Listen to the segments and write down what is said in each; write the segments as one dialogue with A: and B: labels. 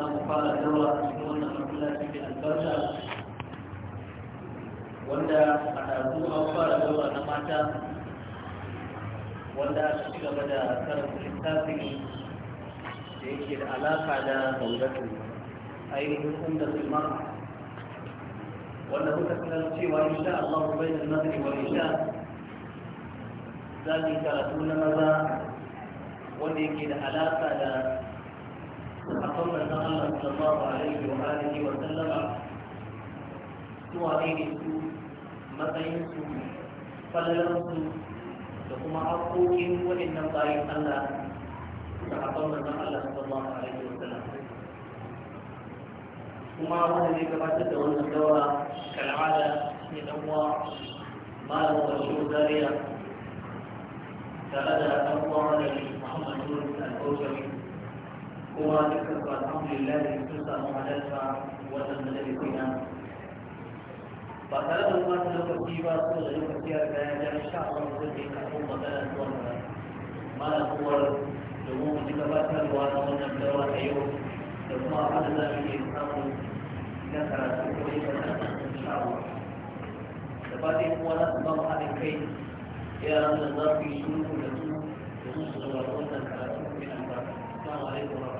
A: za mu fara daura a cikin wannan masallaci da albarka wanda a ɗazu an fara daura na mata wanda aka ci gaba da karanta littafin da yake da alaƙa da zauratu ainihin inda sulmar wanda muka sanar cewa insha Allah bai da nazari wa insha za mu karatu na maza wanda yake da alaƙa da أقول أن الله صلى الله عليه وآله وسلم سوى أيدي سوء matsayin su falalar su da kuma haƙoƙin waɗannan bayan Allah da haɓar manzon Allah sallallahu alaihi wa sallam kuma wanda zai gabatar da wannan daura kal'ada ne dan uwa malam Bashir Zaria tare da dan uwa malami Muhammad Nur Al-Bawjami kuma dukkan su alhamdulillah da sun samu halarta wannan majalisi na ba tare da wani lokaci ba ko da lokaci ya riga ya ja sha Allah zai yi kafin magana zuwa ga malakuwar domin mu ji gabatarwa na wannan dawa a yau da kuma abin da za mu iya samu na karatu ko yi karatu insha Allah da fatan kuma za su ba mu haɗin kai yaran da za su yi shuru da su da su su zama wannan karatu mai albarka السلام عليكم ورحمة الله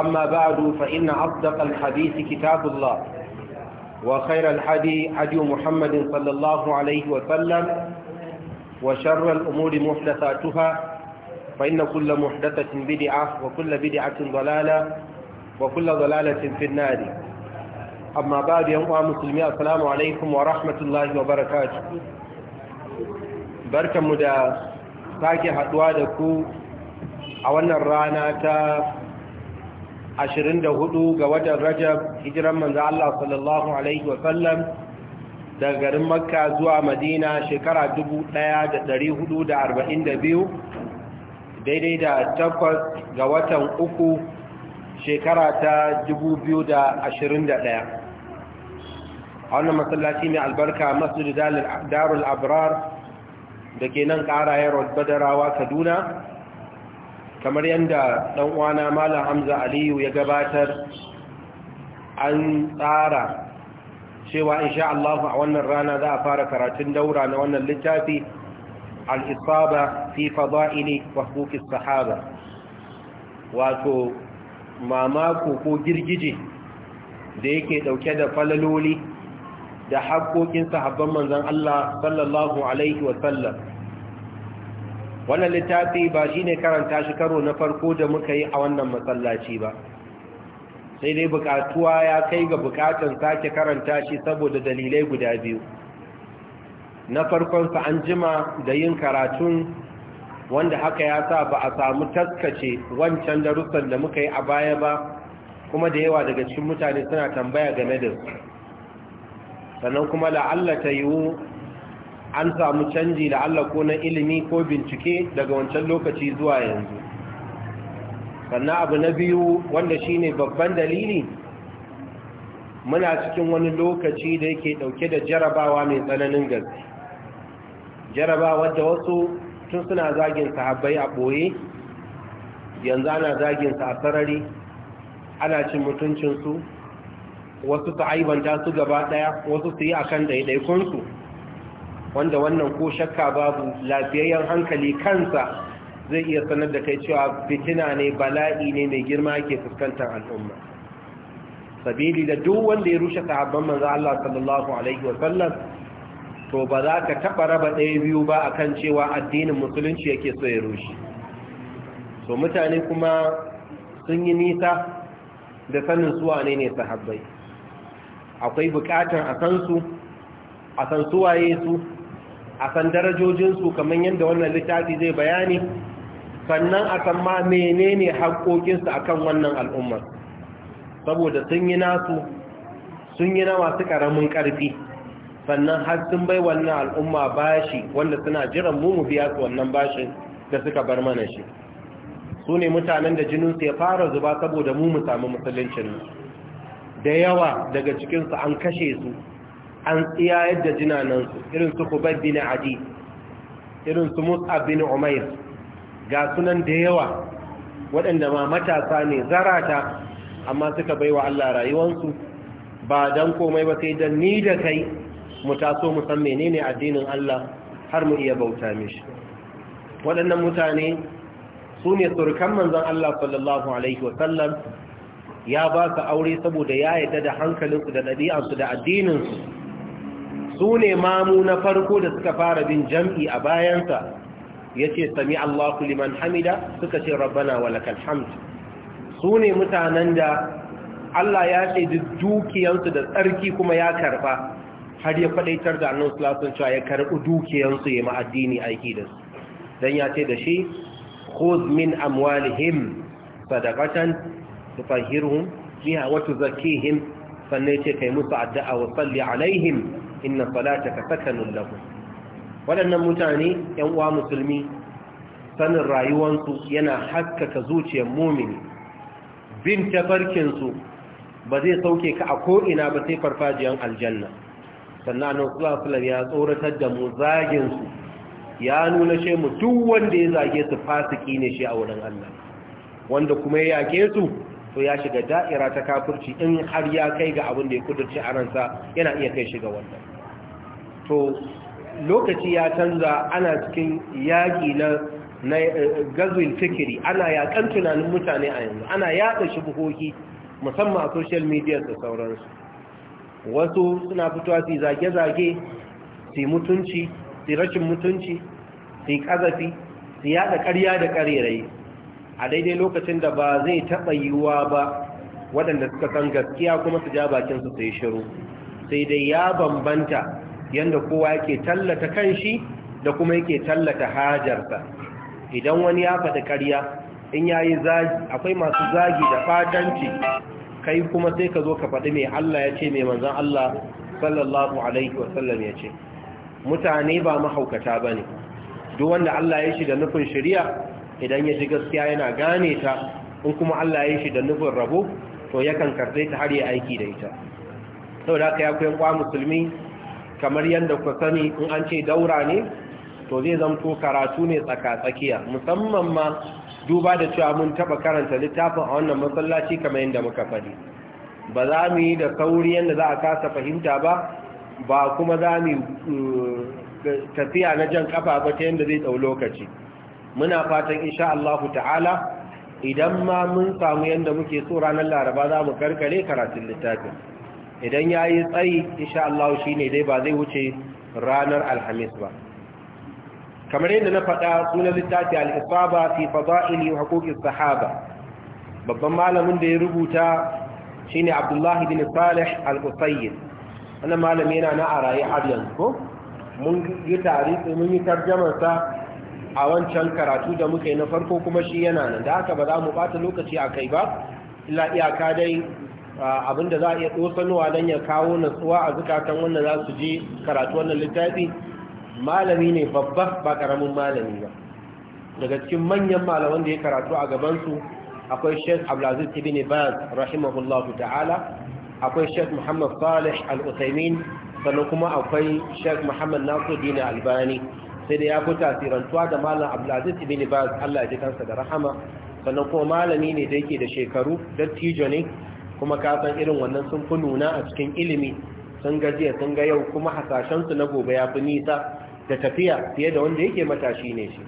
B: أما بعد فإن أصدق الحديث كتاب الله وخير الحدي حدي محمد صلى الله عليه وسلم وشر الأمور محدثاتها فإن كل محدثة بدعة وكل بدعة ضلالة وكل ضلالة في النار أما بعد يا مسلمين السلام عليكم ورحمة الله وبركاته بركة مدى sake haɗuwa da ku a wannan rana ta 24 ga watan rajab hijiran manzo Allah sallallahu alaihi wa sallam daga garin makka zuwa madina shekara 1442 daidai da takwas ga watan uku shekara ta 2021 a wannan masallaci mai albarka masjid darul abrar da ke nan ƙara yaro badarawa kaduna kamar yadda ɗan uwana malam hamza aliyu ya gabatar an tsara cewa insha Allah a wannan rana za a fara karatun daura na wannan littafi al-isaba fi fada'ili wa huquqis sahaba wato mamako ko girgije da yake ɗauke da falaloli da haƙoƙin sahabban manzon Allah sallallahu alaihi wannan littafi ba shi ne karanta shi karo na farko da muka yi a wannan matsalaci ba sai dai bukatuwa ya kai ga bukatan sake karanta shi saboda dalilai guda biyu na farkonsa an jima da yin karatun wanda haka ya sa ba a samu taskace wancan darussan da muka yi a baya ba kuma da yawa daga cikin mutane suna tambaya game da su sannan kuma la'alla ta yiwu an samu canji da Allah ko na ilimi ko bincike daga wancan lokaci zuwa yanzu sannan abu na biyu wanda shi ne babban dalili muna cikin wani lokaci da yake dauke da jarabawa mai tsananin gaske jarabawa da wasu tun suna zagin sahabbai a boye yanzu ana zagin sa a sarari ana cin mutuncinsu wasu su aibanta su gaba daya wasu su yi a akan daidaikunsu. wanda wannan ko shakka babu lafiyayyen hankali kansa zai iya sanar da kai cewa fitina ne bala'i ne mai girma ke fuskantar al'umma sabili da duk wanda ya rushe sahabban manzo Allah sallallahu alaihi wasallam to ba za ka taba raba ɗaya biyu ba akan cewa addinin musulunci yake so ya rushe To mutane kuma sun yi nisa da sanin suwa ne ne sahabbai akwai bukatar a san su a san suwaye su a san darajojinsu kamar yadda wannan littafi zai bayani sannan a san ma mene ne haƙoƙinsu a kan wannan al'ummar saboda sun yi nasu sun yi na masu ƙaramin ƙarfi sannan har sun bai wannan al'umma bashi wanda suna jiran mu mu biya su wannan bashin da suka bar mana shi su ne mutanen da jininsu ya fara zuba saboda mu mu samu musuluncin da yawa daga cikinsu an kashe su an tsiyayar da jinanansu irin su kubar bin adi irin su mus'ab bin umair ga sunan da yawa waɗanda ma matasa ne zarata amma suka baiwa Allah rayuwansu ba don komai ba sai don ni da kai mu taso mu san menene addinin Allah har mu iya bauta mishi waɗannan mutane su ne surkan manzon Allah sallallahu alaihi wasallam ya ba su aure saboda ya yarda da hankalinsu da ɗabi'arsu da addininsu su ne mamu na farko da suka fara bin jam'i a bayansa ya ce sami Allahu liman hamida suka ce rabbana walakal hamd su ne mutanen da Allah ya ce duk dukiyansu da tsarki kuma ya karba har ya faɗaitar da annon sulasun cewa ya karɓi dukiyansu ya ma'addini aiki da su don ya ce da shi khuz min amwalihim sadaqatan tutahhiruhum biha wa tuzakkihim sannan ya ce kai musu addu'a wa salli alaihim inna ka sakanun lahu waɗannan mutane ‘yan uwa musulmi sanin rayuwansu yana haskaka zuciyar mumini bin tafarkinsu ba zai sauke ka a ko'ina ba sai farfajiyar aljanna sannan nan ya tsoratar da mu zaginsu ya nuna shi mu wanda ya zage su fasiki ne shi a wurin Allah wanda kuma ya yake su to ya shiga da'ira ta kafirci in har ya kai ga abin da ya kudurci a ransa yana iya kai shiga wannan to lokaci ya canza ana cikin yaƙi na na eh, gazwin fikiri ana yaƙan tunanin mutane a yanzu ana yaɗa shubuhohi musamman a social media da sauransu wasu suna fitowa su zage-zage su mutunci su rashin mutunci su ƙazafi su yaɗa ƙarya da ƙarerai a daidai lokacin da ba zai taɓa yiwuwa ba waɗanda suka san gaskiya kuma su ja bakinsu su shiru sai dai ya bambanta yanda kowa yake tallata kanshi da kuma yake tallata hajarsa idan wani ya faɗi ƙarya in yayi zagi akwai masu zagi da fatanci kai kuma sai ka zo ka faɗi mai Allah ya ce mai manzon Allah sallallahu alaihi wasallam ya ce mutane ba mahaukata ne, duk wanda Allah ya shi da nufin shari'a idan ya ji gaskiya yana gane ta in kuma Allah ya shi da nufin rabo to yakan karbe ta har ya aiki da ita saboda haka ya kuyan kwa musulmi kamar yadda ku sani in an ce daura ne to zai zamto karatu ne tsaka-tsakiya musamman ma duba da cewa mun taba karanta littafin a wannan masallaci kamar yadda muka faɗi ba za mu yi da sauri yadda za a kasa fahimta ba ba kuma za mu eh, tafiya na jan kafa ba ta yadda zai tsau lokaci muna fatan insha Allah ta'ala idan ma mun samu yadda muke so ranar laraba za mu karkare karatun littafin idan ya yi tsayi insha Allah shi ne dai ba zai wuce ranar alhamis ba kamar yadda na faɗa sunan littafi al'isaba fi fada'ili haƙoƙin sahaba babban malamin da ya rubuta shi ne abdullahi bin salih al-qusayyin wannan malami yana na a raye har yanzu ko mun yi tarihi mun yi tarjamarsa a wancan karatu da muka yi na farko kuma shi yana nan da haka ba za mu bata lokaci a kai ba illa iyaka dai abinda za a iya tsosanowa don ya kawo nasuwa a zukatan wanda za su je karatu wannan littafi malami ne babba ba karamin malami ba daga cikin manyan malaman da ya karatu a gabansu akwai sheikh abdulaziz ibn baz rahimahullahu ta'ala akwai sheikh muhammad salih al-usaimin sannan kuma akwai sheikh muhammad dina albani sai da ya fi tasirantuwa da malam abdulaziz ibn baz Allah ya ji kansa da rahama sannan kuma malami ne da yake da shekaru dattijo ne kuma ka san irin wannan sun fi nuna a cikin ilimi sun gajiya sun ga yau kuma hasashensu na gobe ya fi nisa da tafiya fiye da wanda yake matashi ne shi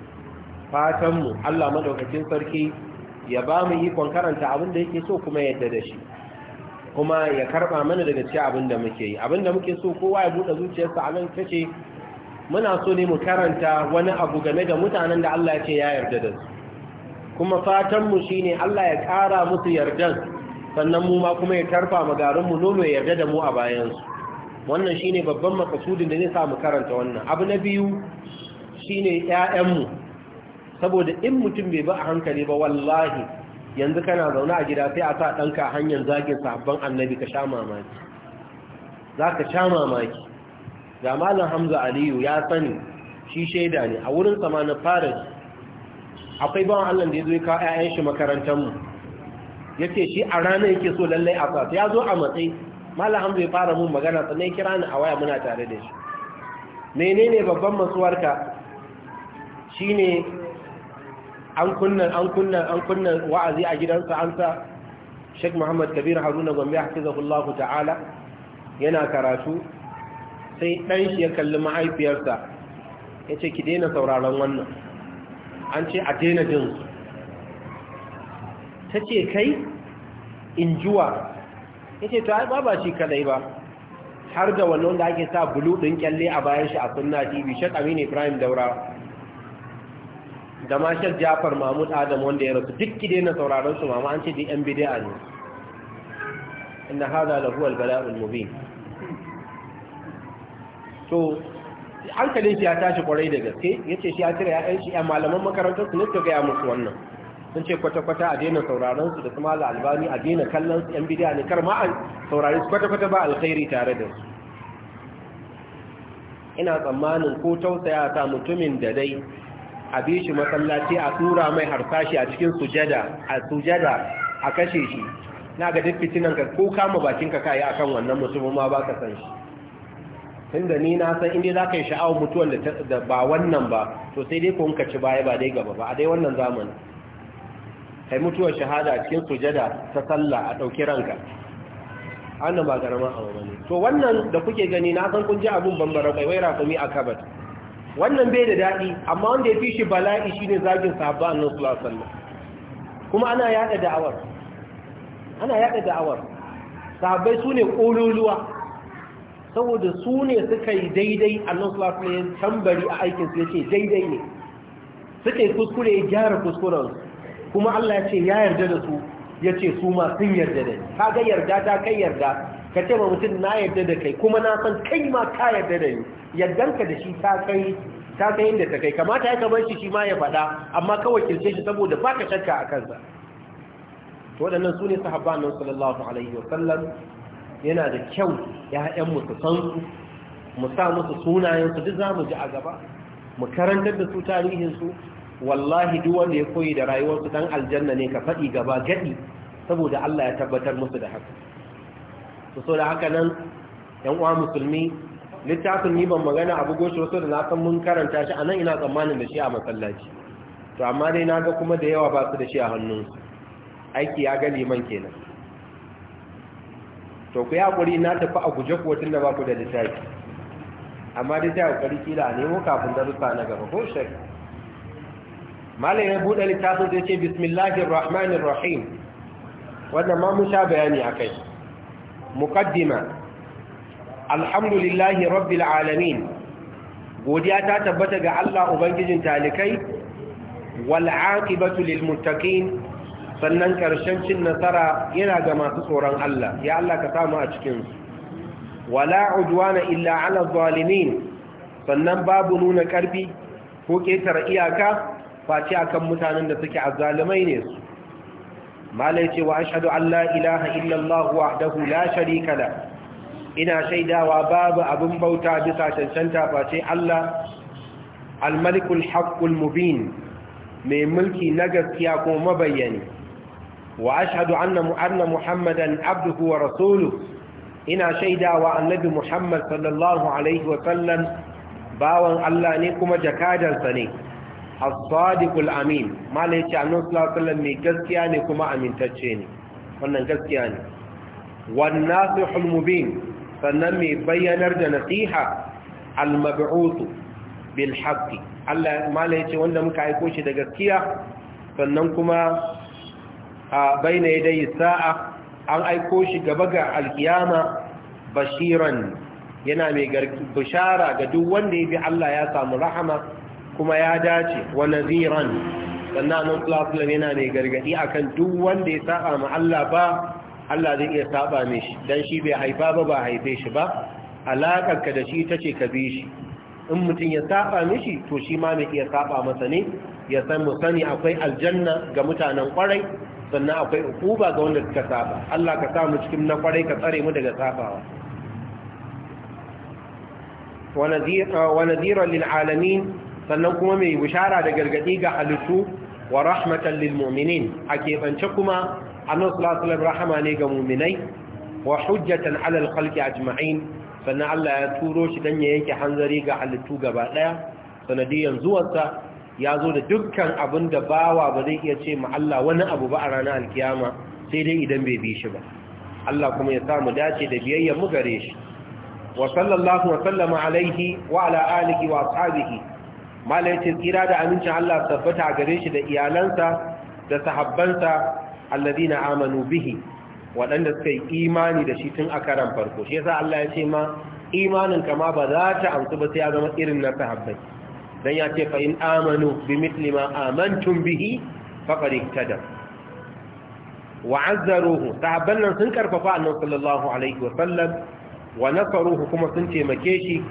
B: fatanmu Allah madaukakin sarki ya ba mu ikon karanta abin da yake so kuma yadda da shi kuma ya karba mana daga cikin abin da muke yi abin da muke so kowa ya buɗe zuciyarsa a nan kace muna so ne mu karanta wani abu game da mutanen da Allah ya ce ya yarda da su kuma fatanmu shine Allah ya ƙara musu yardan sannan mu ma kuma ya tarfa magarinmu garin mu nono ya yarda da mu a bayansu. Wannan shi ne babban makasudin da ne sa mu karanta wannan abu na biyu shi ne 'ya'yanmu. saboda in mutum bai ba a hankali ba wallahi yanzu kana zaune a gida sai a sa ɗanka a hanyar zagin sahabban annabi ka sha mamaki za ka sha mamaki ga malam hamza aliyu ya sani shi shaida ne a wurin sama na faris akwai ban allan da ya zo ya kawo 'ya'yan shi makarantarmu ya ce shi a ranar yake so lallai a sa ya zo a matsayi malam hamza ya fara mun magana sannan ya kira ni a waya muna tare da shi menene babban masuwarka shine an kunna an an wa'azi a gidansa an sa Sheikh Muhammad Kabir Haruna Gombe hafizahullahu ta'ala yana karatu sai dan shi ya kalli mahaifiyarsa yace ki daina sauraron wannan an ce a daina jin ta ce kai in juwa ya ce to ai ba ba shi kadai ba har da wannan da ake sa bulu ɗin kyalle a bayan shi a suna tv shek amini ibrahim daura da ma shek jafar mahmud adam wanda ya rasu duk kide na sauraron su mama an ce da yan bidiya ne inda haza da huwal balaul mubin to hankalin shi ya tashi kwarai da gaske Ya ce shi ya tira ya ɗan shi ya malaman makarantar su ne ta gaya musu wannan sun ce kwata-kwata a daina sauraron su da kuma albani a daina kallon su yan bidiya ne kar ma saurari su kwata-kwata ba alkhairi tare da su ina tsammanin ko tausaya ta mutumin da dai a bi shi masallaci a tura mai harsashi a cikin sujada a sujada a kashe shi na ga duk fitinan ka ko kama bakin ka kai akan wannan mutumin ma ba ka san shi tunda ni na san inda za ka yi sha'awar mutuwan da ba wannan ba to sai dai ko ka ci baya ba dai gaba ba a dai wannan zamanin kai mutuwar shahada a cikin sujada ta sallah a ɗauki ranka annan ba garama abu bane to wannan da kuke gani na san kun ji abun bambara kai wai rakumi a wannan bai da daɗi amma wanda ya fi shi bala'i shine zagin sahabba annabi sallallahu alaihi wasallam kuma ana yada da'awar ana yada da'awar sahabbai sune kololuwa saboda su ne suka yi daidai annabi sallallahu alaihi wasallam tambari a aikin su yace daidai ne Suke kuskure ya gyara kuskuren kuma Allah ya ce ya yarda da su ya ce su ma sun yarda da ni kaga yarda ta kai yarda ka ce ma mutum na yarda da kai kuma na san kai ma ka yarda da ni yardanka da shi ta kai ta kai inda ta kai kamata ya kamar shi shi ma ya faɗa amma ka wakilce shi saboda baka shakka a kansa to waɗannan su ne sahabban nan sallallahu alaihi wa sallam yana da kyau yayan mu su san su mu sa musu sunayen su duk zamu ji a gaba mu karantar da su tarihin su wallahi duk wanda ya koyi da rayuwarsu dan aljanna ne ka faɗi gaba gadi saboda Allah ya tabbatar musu da haka to so da haka nan yan uwa musulmi littafin ni ban magana abu goshi wasu da na san mun karanta shi anan ina tsammanin da shi a masallaci to amma dai na ga kuma da yawa ba su da shi a hannunsu aiki ya ga liman kenan to ku hakuri na tafi a guje ku tunda ba ku da littafi amma dai yi a kila a nemo kafin darussa na gaba ko malam ya buɗe littafin zai ce bismillahir rahmanir rahim wannan ma mun sha bayani akai muqaddima alhamdulillahi rabbil alamin godiya ta tabbata ga Allah ubangijin talikai wal aqibatu lil muttaqin sannan ƙarshen cin nasara yana ga masu tsoron Allah ya Allah ka samu a cikin wala udwana illa ala zalimin sannan babu nuna karfi ko ƙetare iyaka face akan mutanen da suke azzalumai ne su malai ce wa ashhadu an la ilaha illallah wahdahu la sharika la ina shaidawa babu abin bauta bisa cancanta face Allah al-malikul haqqul mubin mai mulki na gaskiya kuma mabayyani wa ashhadu anna mu'anna muhammadan abduhu wa rasuluhu ina shaidawa annabi muhammad sallallahu alaihi wa sallam bawan Allah ne kuma jakadansa ne as amin malai ce annabi sallallahu alaihi wasallam mai gaskiya ne kuma amintacce ne wannan gaskiya ne wan nasihul mubin sannan mai bayyanar da nasiha al-mab'uth bil haqq Allah malai ce wanda muka aiko shi da gaskiya sannan kuma a baina yadai sa'a an aiko shi gaba ga alkiyama bashiran yana mai bishara ga duk wanda ya bi Allah ya samu rahama kuma ya dace wa naziran sannan nan yana mai gargadi akan duk wanda ya saba ma Allah ba Allah zai iya saba mishi dan shi bai haifa ba ba haife shi ba alakar ka da shi ita ce ka bi shi in mutum ya saba mishi to shi ma mai iya saba masa ne ya san mu sani akwai aljanna ga mutanen kwarai sannan akwai ukuba ga wanda suka saba Allah ka sa mu cikin na kwarai ka tsare mu daga sabawa wa nadhira lil alamin sannan kuma mai bishara da gargadi ga halittu wa rahmatan lil mu'minin a keɓance kuma annabi sallallahu alaihi rahama ne ga mu'minai wa hujjatan ala al khalqi ajma'in sannan Allah ya turo shi dan ya yanke hanzari ga halittu gaba daya sanadiyan zuwarsa ya zo da dukkan abin da bawa ba zai iya ce ma Allah wani abu ba a ranar alkiyama sai dai idan bai bi shi ba Allah kuma ya samu dace da biyayya mu gare shi wa sallallahu wa sallama alaihi wa ala alihi wa ashabihi mala ya tsira da amincin Allah tabbata a gare shi da iyalansa da sahabbansa na amanu bihi waɗanda suka yi imani da shi tun a karan farko shi yasa Allah ya ce ma imanin kama ba za ta amsu ba sai ya zama irin na sahabbai dan ya ce fa in amanu bi mithli ma amantum bihi faqad ihtada wa azzaruhu sahabban nan sun karfafa annabi sallallahu alaihi wa sallam wa nasaruhu kuma sun taimake shi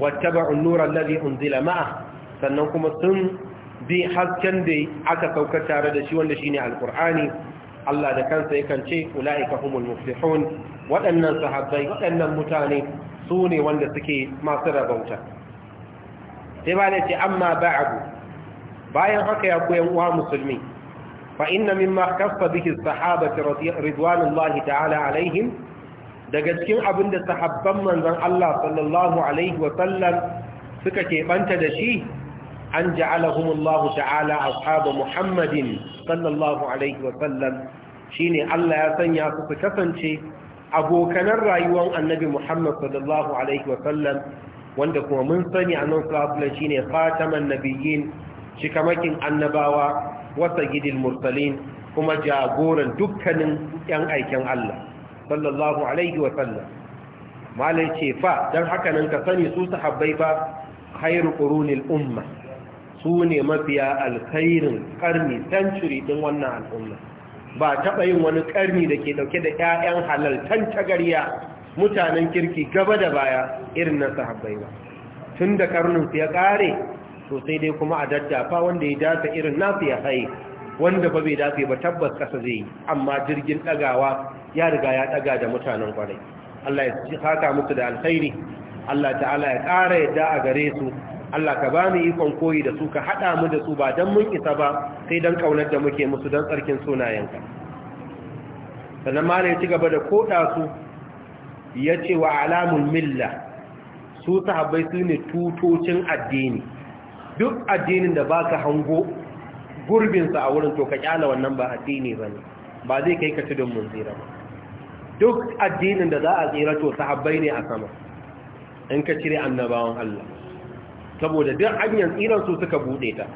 B: wattaba'u an-nura alladhi unzila ma'ahu sannan kuma sun bi hasken da aka saukar tare da shi wanda ne Alkur'ani. Allah da kansa yakan ce ulaika humul muflihun waɗannan sahabbai waɗannan mutane su ne wanda suke masu rabauta sai ba ne ce amma ba'du bayan haka ya koyan uwa musulmi fa inna mimma kaffa bihi sahabati ridwanullahi ta'ala alaihim daga cikin abin da sahabban manzon Allah sallallahu alaihi wa sallam suka da shi an ja'alahum Allah ta'ala ashabu Muhammadin sallallahu alaihi wa sallam shine Allah ya sanya su su kasance abokanan rayuwar Annabi Muhammad sallallahu alaihi wa sallam wanda kuma mun sani a nan sallallahu alaihi shine khataman nabiyyin shikamakin annabawa wasa gidil mursalin kuma jagoran dukkanin yan aiken Allah sallallahu alaihi wa sallam malai ce fa don haka nan ka sani su sahabbai ba khairu qurunil umma su ne mafiya alkhairin karni century din wannan al'umma ba taɓa yin wani karni da ke ɗauke da 'ya'yan halaltan tagariya mutanen kirki gaba da baya irin na sahabbai ba tun da karninsu ya ƙare sosai dai kuma a daddafa wanda ya dace irin nasu ya haye wanda ba bai dace ba tabbas kasa zai yi amma jirgin ɗagawa ya riga ya ɗaga da mutanen kwarai Allah ya haka musu da alkhairi Allah ta'ala ya ƙara yadda a gare su Allah ka ba mu ikon koyi da su ka haɗa mu da su ba don mun isa ba sai don ƙaunar da muke musu don tsarkin sunayenka sannan malai ci gaba da koɗa su ya ce wa alamun milla su sahabbai su ne tutocin addini duk addinin da baka hango gurbinsa a wurin to ka kyala wannan ba addini ba ne ba zai kai ka tudun mun tsira ba duk addinin da za a tsira to sahabbai ne a sama in ka cire annabawan Allah saboda duk hanyar tsiran su suka bude ta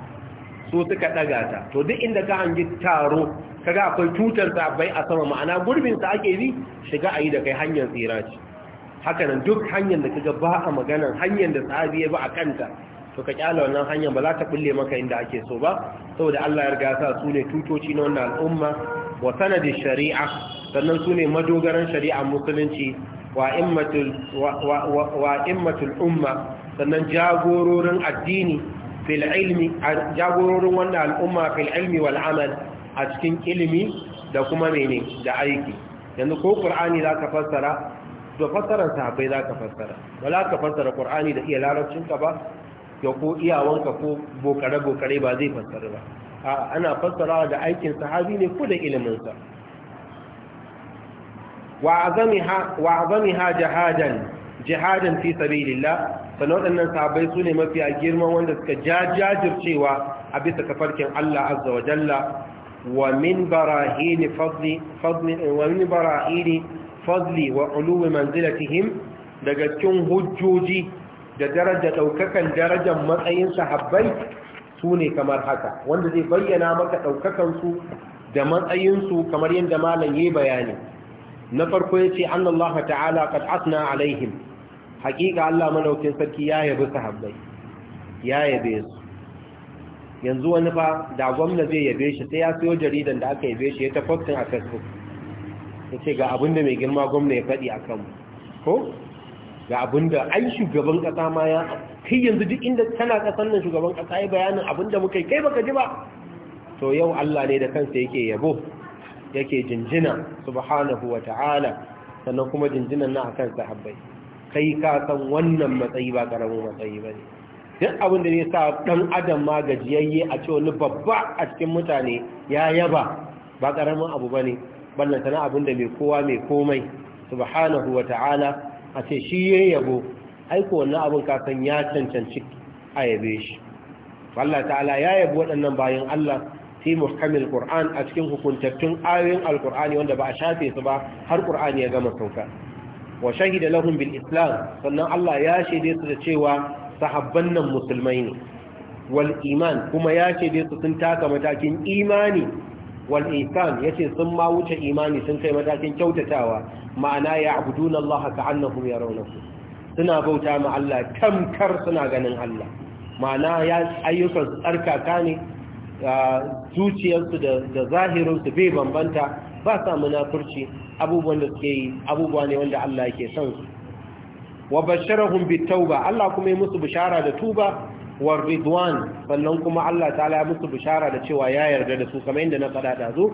B: su suka daga ta to duk inda ka hangi taro kaga akwai tutar sabai a sama ma'ana gurbin sa ake bi shiga ayi da kai hanyar tsira ce haka nan duk hanyar da kaga ba a magana, hanyar da sahabi ya bi a kanta to ka kyala wannan hanyar ba za ta bulle maka inda ake so ba saboda Allah ya riga sa su ne tutoci na wannan al'umma wa sanadi shari'a sannan su ne madogaran shari'a musulunci wa immatul umma sannan jagororin addini fil ilmi jagororin wannan al'umma fil ilmi wal amal a cikin ilimi da kuma mene da aiki yanzu ko qur'ani za ka fassara to fassarar sahabbai ka fassara Ba za ka fassara qur'ani da iya larabcin ba ya ko iyawanka ko bokare bokare ba zai fassara ba a ana fassara da aikin sahabi ne ko da ilimin sa wa azamiha wa ha jihadan, jihadan fi sabilillah sannan waɗannan sahabbai su ne mafi a girman wanda suka jajajircewa a bisa kafarkin Allah azza wa jalla wa min barahini fadli wa min barahini fadli wa manzilatihim daga cikin hujjoji da daraja daukakan darajar matsayin sahabbai su ne kamar haka wanda zai bayyana maka daukakan su da matsayin su kamar yadda malam yayi bayani na farko yace annallahu ta'ala qad asna alaihim hakika Allah madaukin sarki ya yabi sahabbai ya yabe su yanzu wani fa da gwamna zai yabe shi sai ya siyo jaridan da aka yabe shi ya tafaftin a facebook ya ce ga abinda mai girma gwamna ya faɗi a mu, ko ga abinda ai shugaban ƙasa ma ya kai yanzu duk inda tana ƙasar nan shugaban ƙasa ya bayanin abinda muka yi kai baka ji ba to yau Allah ne da kansa yake yabo yake jinjina subhanahu wa ta'ala sannan kuma jinjinan na akan sahabbai kai ka san wannan matsayi ba karamin matsayi ba ne duk abin da ne sa ɗan adam ma gajiyayye a ce wani babba a cikin mutane ya yaba ba karamin abu ba ne ballanta sana abin da mai kowa mai komai subhanahu wa ta'ala a ce shi ya yabo aiko wannan abin ka san ya cancanci a yabe shi Allah ta'ala ya yabi waɗannan bayan Allah fi muhkamil Qur'an a cikin hukuntattun ayoyin al wanda ba a shafe su ba har Qur'ani ya gama sauka wa shahida lahum bil islam sannan Allah ya shaide su da cewa sahabban nan musulmai ne wal iman kuma ya shaide su sun taka matakin imani wal ihsan yace sun ma wuce imani sun kai matakin kyautatawa ma'ana ya'buduna Allah ka'annahum yarawnahu suna bauta ma Allah tamkar suna ganin Allah ma'ana ya ayyukan tsarkaka ne zuciyarsu da zahirinsu bai bambanta ba sa munafurci abubuwan da suke yi abubuwa ne wanda Allah yake son su wa basharahum bitauba Allah kuma ya musu bishara da tuba wa ridwan sannan kuma Allah ta'ala ya musu bishara da cewa ya yarda da su kamar yadda na faɗa da zo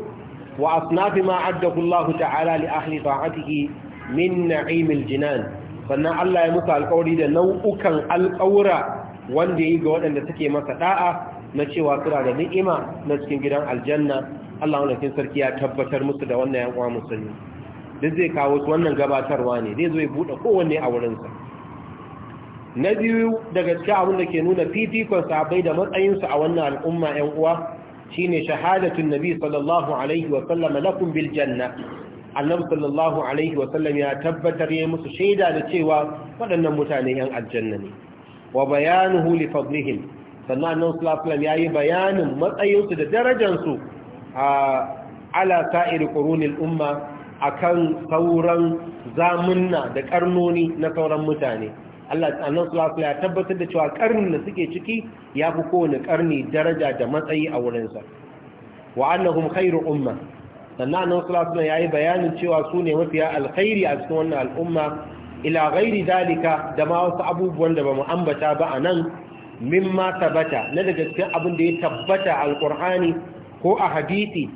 B: wa asnafi ma addahu Allah ta'ala li ahli ta'atihi min na'imil jinan sannan Allah ya musu alƙawari da nau'ukan alƙawura wanda yi ga waɗanda suke masa da'a na cewa suna da ni'ima na cikin gidan aljanna Allah wani sarki ya tabbatar musu da wannan yan uwa musulmi duk zai kawo su wannan gabatarwa ne zai zo ya buɗe kowanne a wurinsa na biyu daga cikin abin da ke nuna fifikon sahabbai da matsayinsu a wannan al'umma yan uwa shine shahadatun nabi sallallahu alaihi wa sallam lakum bil janna annabi sallallahu alaihi wa sallam ya tabbatar ya musu shaida da cewa waɗannan mutane yan aljanna ne wa bayanuhu li fadlihim sannan annan sulasulam ya yi bayanin matsayinsu da darajansu a ala sa'ir ƙorunin umma a kan sauran zamunna da ƙarnoni na sauran mutane Allah annan sulasulam ya tabbatar da cewa ƙarni da suke ciki ya fi kowane ƙarni daraja da matsayi a wurinsa wa annahum khairu umma sannan annan sulasulam ya yi bayanin cewa su ne mafiya alkhairi a cikin wannan al'umma ila ghairi dalika da ma wasu abubuwan da ba mu ambata ba a nan mimma tabata na daga cikin abin da ya tabbata alkur'ani ko a hadisi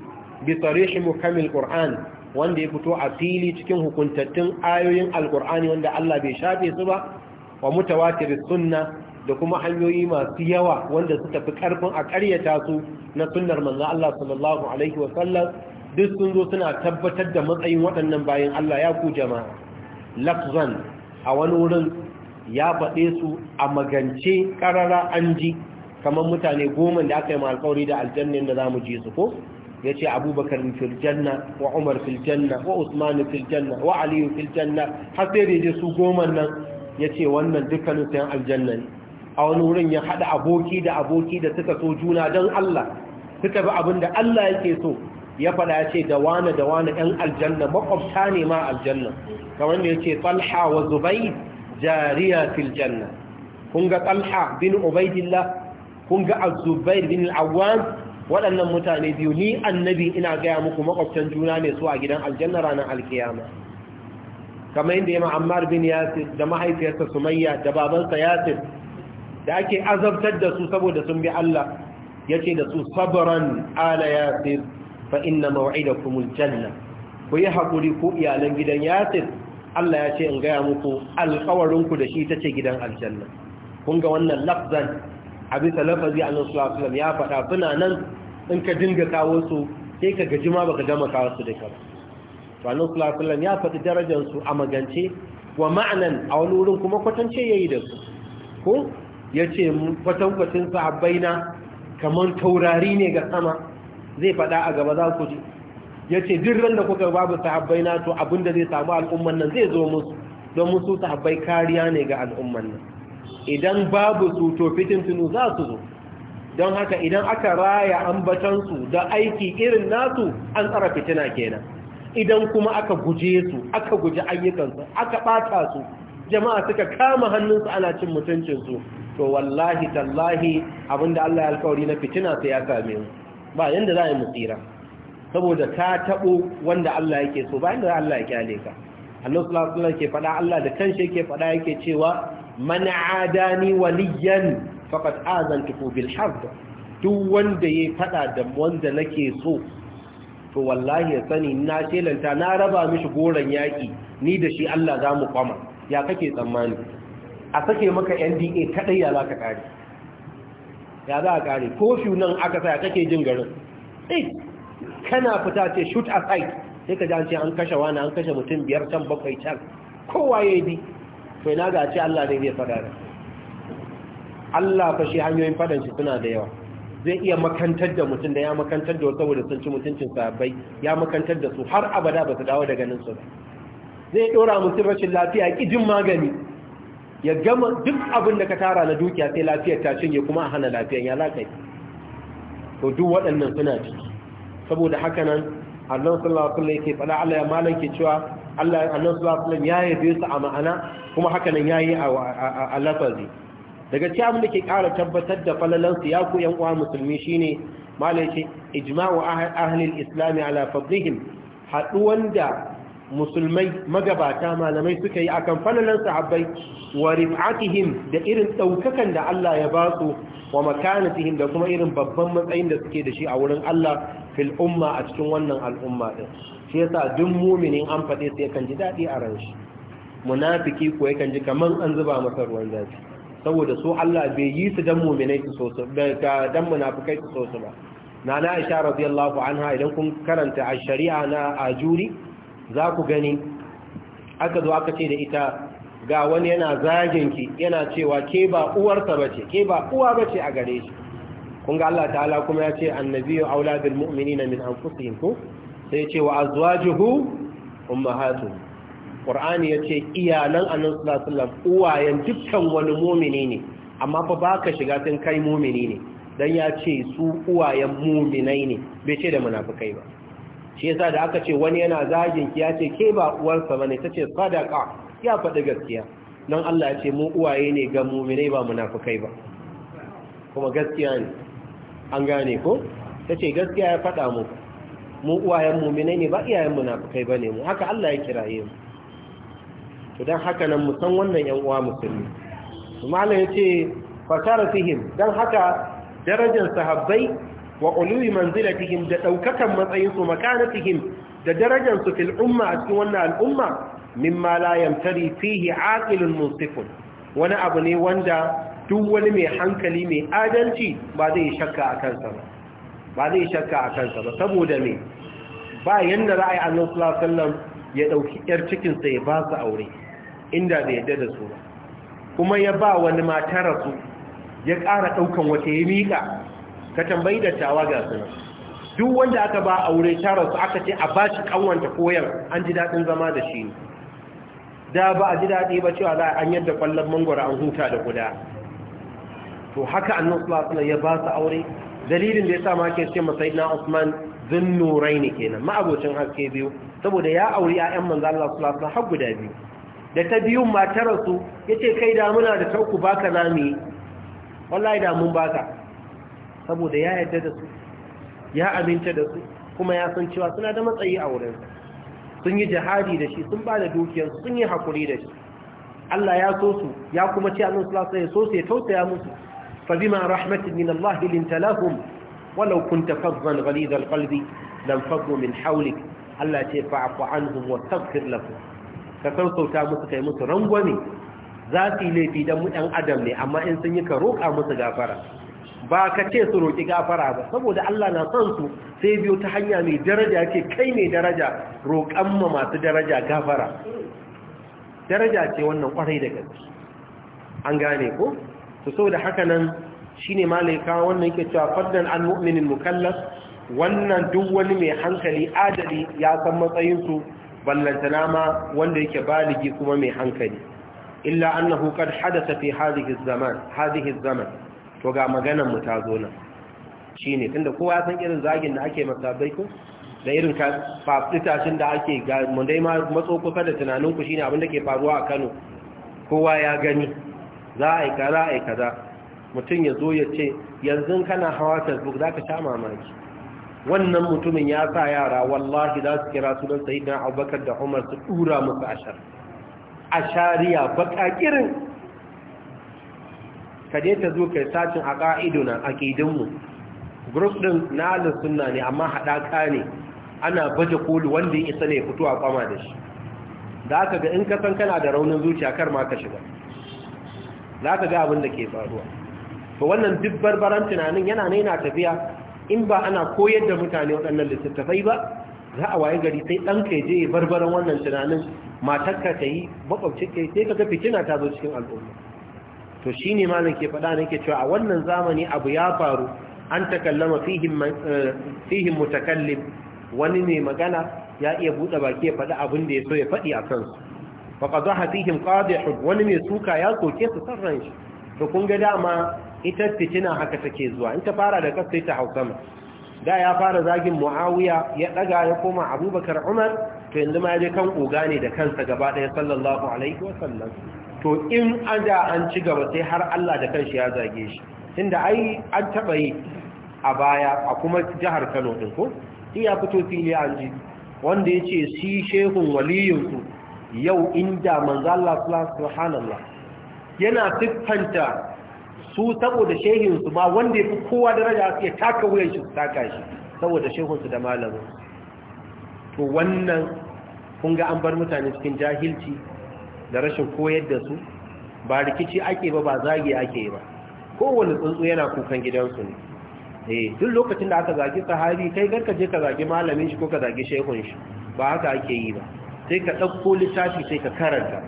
B: bi sarih mukammil qur'an wanda ya fito a fili cikin hukuntattun ayoyin alkur'ani wanda Allah bai shafe su ba wa mutawatir sunna da kuma hanyoyi masu yawa wanda suka fi karfin a ƙaryata su na sunnar manzo Allah sallallahu alaihi wa sallam duk sun zo suna tabbatar da matsayin waɗannan bayan Allah ya ku jama'a lafzan a wani wurin ya faɗe su a magance ƙarara an ji kamar mutane goma da aka yi ma alƙawari da aljannin da za mu ji su ko ya ce abubakar filjanna janna wa umar filjanna, janna wa usman fil wa aliyu filjanna, har sai da je su goma nan ya ce wannan dukkanin sayan aljanna ne a wani wurin ya haɗa aboki da aboki da suka so juna don Allah suka bi abin da Allah yake so ya faɗa ya ce da wane da wane ɗan aljanna makwabta ne ma aljanna kamar da ya ce talha wa zubair jariya fil janna kun ga talha bin ubaidillah kun ga azubair bin al'awwam waɗannan mutane biyu ni annabi ina gaya muku makwabtan juna ne su a gidan aljanna ranar alkiyama kamar yadda yamma ammar bin yasir da mahaifiyarsa sumayya da babansa yasir da ake azabtar da su saboda sun bi allah yace da su sabran ala yasir fa inna maw'idakumul janna ku yi haƙuri ku iyalan gidan yasir Allah ya ce in gaya muku alkawarinku da shi ta ce gidan aljanna kun ga wannan lafzan a bisa lafazi a nan sulasulam ya faɗa suna nan in ka dinga kawo su sai ka gaji ma baka gama kawo su da duka To a nan sulasulam ya faɗi darajarsu a magance wa ma'anan a wani wurin kuma kwatance ya yi da su ko ya ce kwatankwacin sahabbai na kamar taurari ne ga sama zai faɗa a gaba za ku ji Ya ce, ran da kuka babu sahabbai na to abinda zai samu al'umman nan zai zo musu don musu sahabbai kariya ne ga al'umman nan idan babu su to fitin tunu za su zo don haka idan aka raya ambatansu da aiki irin nasu an tsara fitina kenan idan kuma aka guje su aka guji ayyukansu aka ɓata su jama'a suka kama hannunsu ana cin mutuncinsu to wallahi tallahi abinda Allah ya alkawari na fitina sai ya same mu ba yanda za a yi mu tsira saboda ka tabo wanda Allah yake so ba inda Allah ya kyale ka Allah sallallahu alaihi ke faɗa Allah da kanshi yake faɗa yake cewa man adani waliyan faqad azantuhu bil hadd duk wanda yake faɗa da wanda nake so to wallahi ya sani na shelanta na raba mishi goran yaki ni da shi Allah za mu kwama ya kake tsammani a sake maka NDA kadai ya zaka kare ya za ka kare ko nan aka sa kake jin garin eh kana fita ce shoot aside sai ka ji an kashe wani an kashe mutum biyar can bakwai can kowa ya yi bi to ina ga ce Allah ne zai fada Allah fa shi hanyoyin fadan shi suna da yawa zai iya makantar da mutum da ya makantar da saboda sun ci mutuncin sabai ya makantar da su har abada ba su dawo da ganin su ba. zai dora mutum rashin lafiya kijin magani ya gama duk abin da ka tara na dukiya sai lafiyar ta cinye kuma a hana lafiyar ya lafiya to duk waɗannan suna ciki saboda haka nan annan sallallahu yake fada Allah ya malan ke cewa Allah annan sallallahu alaihi ya yabe su a ma'ana kuma haka nan yayi a lafazi daga cikin abin da ke ƙara tabbatar da falalan su ya ku yan uwa musulmi shine malai ce ijma'u ahli al-islam ala fadlihim haduwan da musulmai magabata malamai suka yi akan fananan sahabbai wa rif'atihim da irin daukakan da Allah ya ba su wa makanatihim da kuma irin babban matsayin da suke da shi a wurin Allah fil umma a cikin wannan al'umma din shi yasa duk muminin an fade sai kan ji dadi a ran shi munafiki ko yakan ji kaman an zuba masa ruwan zafi saboda su Allah bai yi su dan muminai su so su dan munafikai su so su ba nana Aisha radiyallahu anha idan kun karanta a shari'a na ajuri za ku gani aka zo aka ce da ita ga wani yana zaginki yana cewa ke ba uwarta bace ke ba uwa bace a gare shi kun ga Allah ta'ala kuma ya ce annabiyyu aula mu'minina min anfusihim ko sai ce wa azwajuhu ummahatuhum qur'ani ce iyalan annabi sallallahu alaihi wasallam uwayen dukkan wani mu'mini ne amma fa ba ka shiga sun kai mu'mini ne dan ya ce su uwayen mu'minai ne bai ce da munafukai ba shi yasa da aka ce wani yana zagin ki ya ce ke ba uwarsa bane tace sadaqa ya faɗi gaskiya dan Allah ya ce mu uwaye ne ga mu'minai ba munafikai ba kuma gaskiya ne an gane ko tace gaskiya ya faɗa mu mu uwayen mu'minai ne ba iyayen munafikai bane mu haka Allah ya kiraye mu to dan haka nan mu san wannan yan uwa musulmi ce yace fasara fihim dan haka darajar sahabbai wa uluwi manzilatihim da daukakan matsayinsu makanatihim da darajarsu fil umma a cikin wannan al'umma mimma la yamtari fihi aqilun musifun wani abu ne wanda duk wani mai hankali mai adalci ba zai shakka a kansa ba ba zai shakka a kansa ba saboda me ba yanda ra'ayi Allah sallallahu ya ɗauki yar cikinsa ya ba su aure inda bai yadda da su ba kuma ya ba wani matarasu ya ƙara ɗaukan wata ya mika ka tambayi dattawa tawa ga su duk wanda aka ba aure ta su aka ce a ba shi kanwanta koyar an ji daɗin zama da shi da ba a ji daɗi ba cewa za a an yadda kwallon mangwara an huta da guda to haka annan ya ba su aure dalilin da ya sa ma ke ce masai na usman zin nurai ne kenan ma'abocin haske biyu saboda ya aure 'ya'yan manzo Allah sulasunan har guda biyu da ta biyun matararsu ya ce kai damuna da tauku baka nami. wallahi da mun baka saboda ya yarda da su ya aminta da su kuma ya san cewa suna da matsayi a wurin sun yi jihadi da shi sun ba da dukiyar sun yi hakuri da shi Allah ya so su ya kuma ce annabi sallallahu alaihi wasallam so su ya tausaya musu fa bima rahmatin min Allah linta lahum walau kunta faddan ghalid alqalbi lam faddu min hawlik Allah ce fa'fu anhum wastaghfir lahum ka sautauta musu kai musu rangwame za su yi laifi dan mu 'yan adam ne amma in sun yi ka roƙa musu gafara ba ka ce su roƙi gafara ba saboda Allah na son su sai biyo ta hanya mai daraja ce kai mai daraja roƙan ma masu daraja gafara daraja ce wannan kwarai da gaske an gane ko to saboda haka nan shine malaika wannan yake cewa fadlan an mu'minin mukallas wannan duk wani mai hankali adali ya san matsayin su ballantana ma wanda yake baligi kuma mai hankali illa annahu qad hadatha fi hadhihi zaman hadhihi zaman to ga maganan mu ta zo nan shine tunda kowa san irin zagin da ake masabai ko da irin fafitashin da ake ga mun dai ma matso kusa da tunanin ku shine abin da ke faruwa a Kano kowa ya gani za a yi kaza a yi kaza mutum ya zo ya ce yanzu kana hawa Facebook zaka sha mamaki wannan mutumin ya sa yara wallahi za su kira su don sayi abubakar da umar su dura musu ashar ashariya bakakirin ka je ta zo kai satin a ƙa'iduna a ƙidinmu group ɗin na halin ne amma haɗaka ne ana baje koli wanda ya isa ne fito a kwama da shi da aka ga in kasan kana da raunin zuciya kar ma ka shiga za ka ga abin da ke faruwa to wannan duk barbaran tunanin yana ne na tafiya in ba ana koyar da mutane waɗannan littattafai ba za a waye gari sai ɗan ka je barbaran wannan tunanin matarka ta yi makwabci ka sai ka ga fitina ta zo cikin al'umma to shi ne malam ke faɗa nake cewa a wannan zamani abu ya faru an takallama fihin eh, fihim mutakallim wani ne magana ya iya buɗe baki ya faɗi abin da ya so ya faɗi a kansu fa qadaha fihim qadihun wani mai suka ya soke su sarran shi to kun ga dama ita fitina haka take zuwa in ta fara da kasa ta hausama da ya fara zagin muawiya ya ɗaga ya koma abubakar umar to yanzu ma ya je kan oga ne da kansa gaba ɗaya sallallahu alaihi wa sallam to in an an ci gaba sai har Allah da kanshi ya zage shi inda ai an taba yi a baya a kuma jihar Kano din ko iya fito fili an ji wanda yace si shehun ku yau inda manzo Allah subhanahu yana siffanta su saboda shehin su ba wanda yafi kowa daraja ya taka wuyan shi taka shi saboda shehun su da malamin to wannan kun ga an bar mutane cikin jahilci da rashin koyar da su ba rikici ake ba ba zagi ake ba kowane tsuntsu yana kukan gidansu ne eh duk lokacin da aka zagi sahabi kai garka je ka zagi malamin shi ko ka zagi shehun shi ba haka ake yi ba sai ka ɗauko littafi sai ka karanta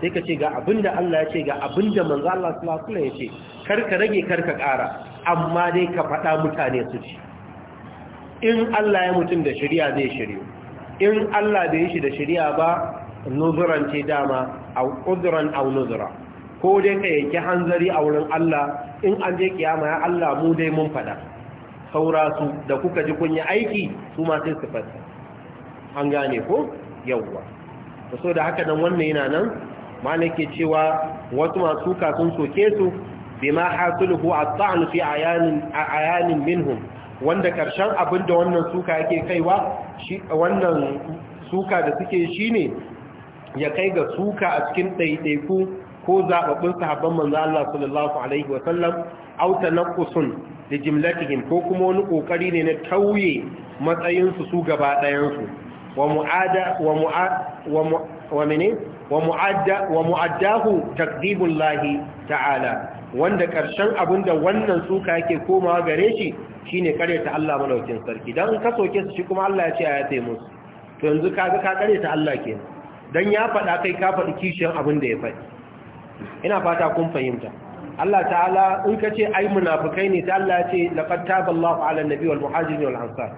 B: sai ka ce ga abinda Allah ya ce ga abinda manzo Allah sallallahu alaihi ya ce kar ka rage kar ka ƙara amma dai ka faɗa mutane su ji in Allah ya mutum da shari'a zai shiryo, in Allah bai yi shi da shari'a ba nuzuran ce dama a uzuran au nuzura ko dai ka yake hanzari a wurin Allah in an je kiyama ya Allah mu dai mun fada saura su da kuka ji kun yi aiki su ma sai su fasa an gane ko yawwa to so da haka nan wannan yana nan ke cewa wasu masu sun soke su bima hasuluhu a tan fi ayanin ayanin minhum wanda karshen abin da wannan suka yake kaiwa wannan suka da suke shine ya kai ga suka a cikin ɗaiɗaiku ko zaɓaɓɓun sahabban manza Allah sallallahu alaihi wa sallam aw tanaqqusun li jimlatihim ko kuma wani ƙoƙari ne na tauye matsayinsu su su gaba wa mu'adda ta'ala wanda ƙarshen abin da wannan suka yake komawa gare shi shine karyata Allah madaukin sarki Don ka soke su shi kuma Allah ya ce ya yafe musu to yanzu kaga ka karyata Allah kenan don ya faɗa kai ka faɗi kishiyar abin da ya faɗi ina fata kun fahimta Allah ta'ala in ka ce ai munafukai ne ta Allah ce laqad taballahu 'ala an-nabi wal muhajirin wal ansar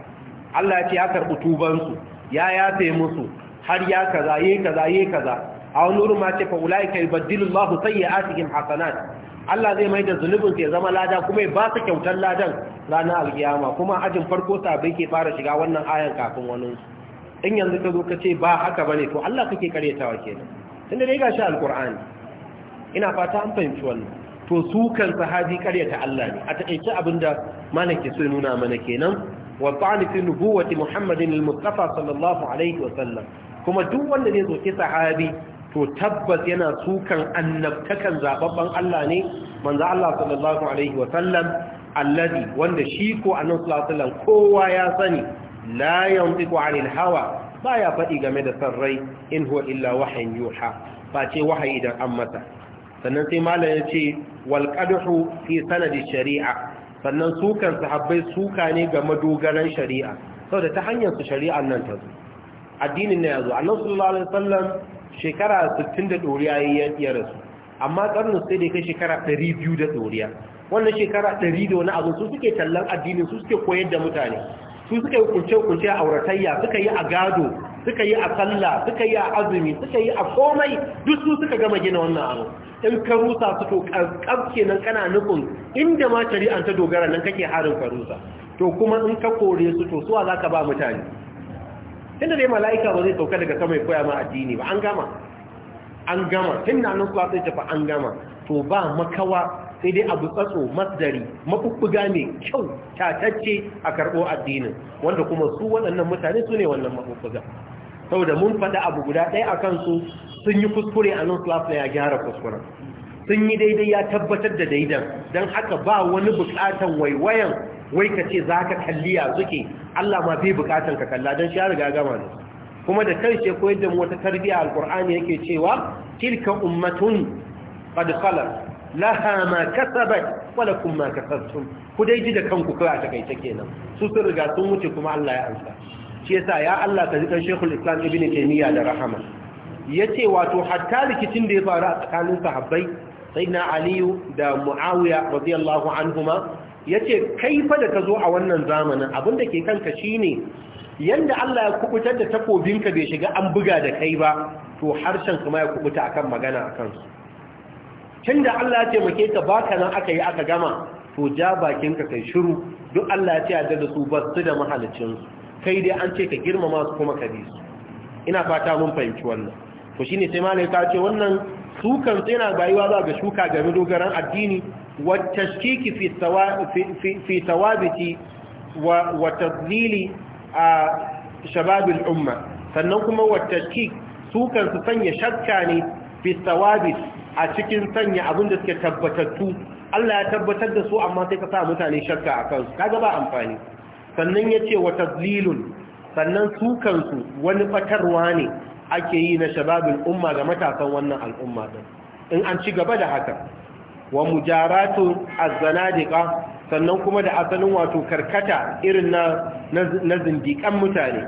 B: Allah ce ya karɓi tubansu, ya yafe musu har ya kaza yayi kaza yayi kaza a wani wurin ma ce fa ulaika yubaddilu Allahu sayyi'atihim hasanat Allah zai mai da zunubin ya zama lada kuma ya ba su kyautar ladan ranar alkiyama kuma ajin farko sabai ke fara shiga wannan ayan kafin wani in yanzu ka zo ka ce ba haka bane to Allah kake karyatawa kenan tunda dai gashi alqur'ani ina fata an fahimci wannan to su kan sahabi karyata Allah ne a abin abinda malaki sun nuna mana kenan wa ta'ani fi nubuwati Muhammadin al-Mustafa sallallahu alaihi wa sallam kuma duk wanda ne zo ke sahabi to tabbas yana sukan annabtakan zababban Allah ne manzo Allah sallallahu alaihi wa sallam alladhi wanda shi ko annabi sallallahu alaihi wa sallam kowa ya sani la yantiqu anil hawa baya faɗi game da sarrai in huwa illa wahyin yuha ce wahayi idan an masa sannan sai malam yace wal qadhu fi sanadi shari'a sannan sukan sahabbai suka ne ga madogaran shari'a saboda ta hanyar su shari'an nan ta zo addinin ne yazo annabi sallallahu alaihi wasallam shekara 60 da doriya ya rasu amma karnu sai da kai shekara 200 da doriya wannan shekara 100 da wani abu su suke tallan addinin su suke koyar da mutane su suka yi kurce-kurce a auratayya suka yi a gado suka yi a sallah suka yi a azumi suka yi a komai duk su suka gama gina wannan abu in ka rusa su to kafke nan kana nufin inda ma shari'an ta dogara nan kake harin farusa. to kuma in ka kore su to suwa za ka ba mutane tunda dai mala'ika ba zai sauka daga sama ya koya ma addini ba an gama an gama tunda nan suwa sai tafi an gama to ba makawa sai dai abu tsatso masdari mafuffuga ne kyau tatacce a karɓo addinin wanda kuma su waɗannan mutane su ne wannan Sau da mun faɗa abu guda ɗaya a kansu sun yi kuskure a nan sulasa ya gyara kuskuren sun yi daidai ya tabbatar da daidan don haka ba wani buƙatan waiwayan wai ka ce za ka kalli ya suke Allah ma bai buƙatan ka kalla don shi ya riga gama ne kuma da kai ce koyar da mu wata tarbiyya alƙur'ani yake cewa tilka ummatun qad khalat laha ma kasabat wala kun ma kasabtum ku dai ji da kanku kai a takaice kenan su sun riga sun wuce kuma Allah ya amsa shi yasa ya Allah ka zikan Sheikhul Islam Ibn Taymiyyah da rahama yace wato hatta rikicin da ya faru a tsakanin sahabbai sayyidina Ali da Muawiya radiyallahu anhuma yace kai fa da ka zo a wannan zamanin abin da ke kanka shine yanda Allah ya kubutar da takobinka bai shiga an buga da kai ba to harshen kuma ya kubuta akan magana akan su tun da Allah ya taimake ka baka nan aka yi aka gama to ja bakinka kai shiru duk Allah ya ce a da su ba su da mahalicinsu kai dai an ce ka girmama su kuma ka bi su ina fata mun fahimci wannan to shine sai malai ka ce wannan sukan sai na bayuwa za ga shuka game dogaran addini wa tashkiki fi fi tawabiti wa wa tadlili a shababil umma sannan kuma wa tashkik sukan su sanya shakka ne fi tawabiti a cikin sanya abin da suke tabbatattu Allah ya tabbatar da su amma sai ka sa mutane shakka a kansu kaga ba amfani sannan ya ce wa tazlilun sannan su kansu wani batarwa ne ake yi na shababin umma ga matasan wannan al'umma din in an ci gaba da haka wa mujaratu azzanadiqa sannan kuma da asalin wato karkata irin na na zindikan mutane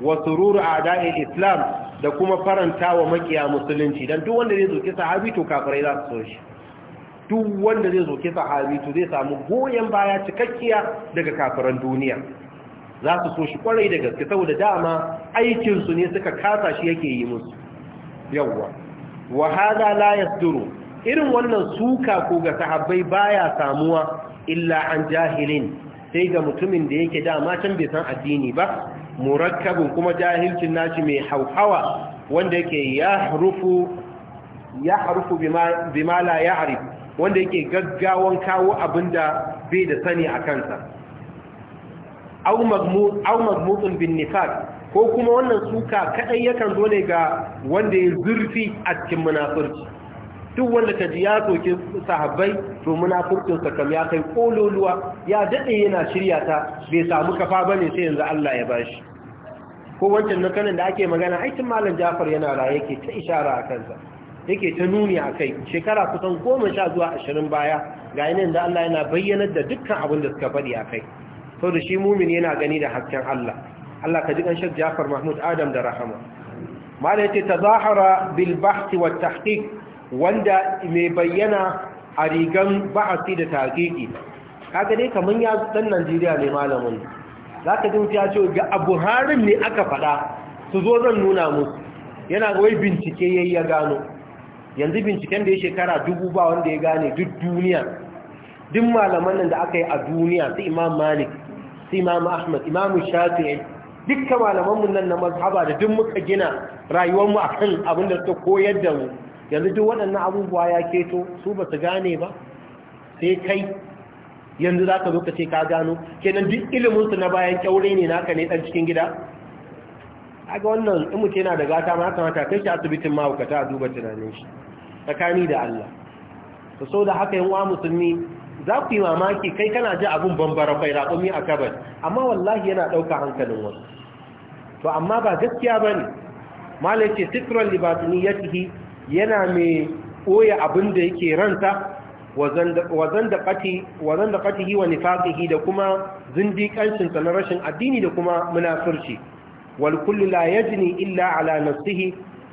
B: wa sururu a'da'i islam da kuma faranta wa makiya musulunci don duk wanda zai zoke sahabi to kafirai za su so shi duk wanda zai zoke sahabi to zai samu goyon baya cikakkiya daga kafiran duniya za su so shi kwarai da gaske saboda dama aikinsu ne suka kasa shi yake yi musu yawwa wahada la yasduru irin wannan suka ko ga sahabbai baya samuwa illa an jahilin sai ga mutumin da yake dama can bai san addini ba murakkabin kuma jahilcin nashi mai hauhawa wanda yake ya harufu ya harufu wanda yake gaggawan kawo abinda bai da sani a kansa aw magmutun bin nifaq ko kuma wannan suka kaɗai yakan zo ne ga wanda ya zurfi a cikin munafurci duk wanda ka ji ya soke sahabbai to munafurcinsa kam ya kai kololuwa ya daɗe yana shirya ta bai samu kafa bane sai yanzu Allah ya bashi ko wancan na da ake magana aikin malam Jafar yana raye yake ta ishara a kansa yake ta nuni a kai shekara kusan goma sha zuwa ashirin baya ga yanayin da Allah yana bayyanar da dukkan abin da suka faɗi a kai sau da shi mumin yana gani da hasken Allah Allah ka ji ƙanshar Jafar Mahmud Adam da rahama mala yace tazahara bil bahti wa tahqiq wanda mai bayyana a rigan ba'asi da taƙiƙi kaga dai kamar ya dan Najeriya ne malamin ka ji ya ce ga Abu Harim ne aka faɗa su zo zan nuna musu yana ga wai bincike yayi ya gano yanzu binciken da ya shekara dubu ba wanda ya gane duk duniya duk malaman nan da aka yi a duniya su Imam Malik su Imam Ahmad Imam Shafi'i dukkan malaman mun nan na mazhaba da duk muka gina rayuwar mu akan abin da suka koyar da mu yanzu duk waɗannan abubuwa ya keto su ba su gane ba sai kai yanzu za ka zo ka ce ka gano kenan duk iliminsu na bayan kyaure ne naka ne ɗan cikin gida aga wannan in yana da gata ma kamata kai shi asibitin mahaukata a duba tunanin shi tsakani da Allah ta so da haka yin wa musulmi za ku yi mamaki kai kana ji abin bambara kai raƙumi a kabar amma wallahi yana ɗauka hankalin wasu to amma ba gaskiya ba ne. malai ce ya libatuniyatihi yana mai ɓoye abin da yake ransa wazan da fatihi wa nifaƙihi da kuma zindiƙancinsa na rashin addini da kuma munafurci walkullu la yajni illa ala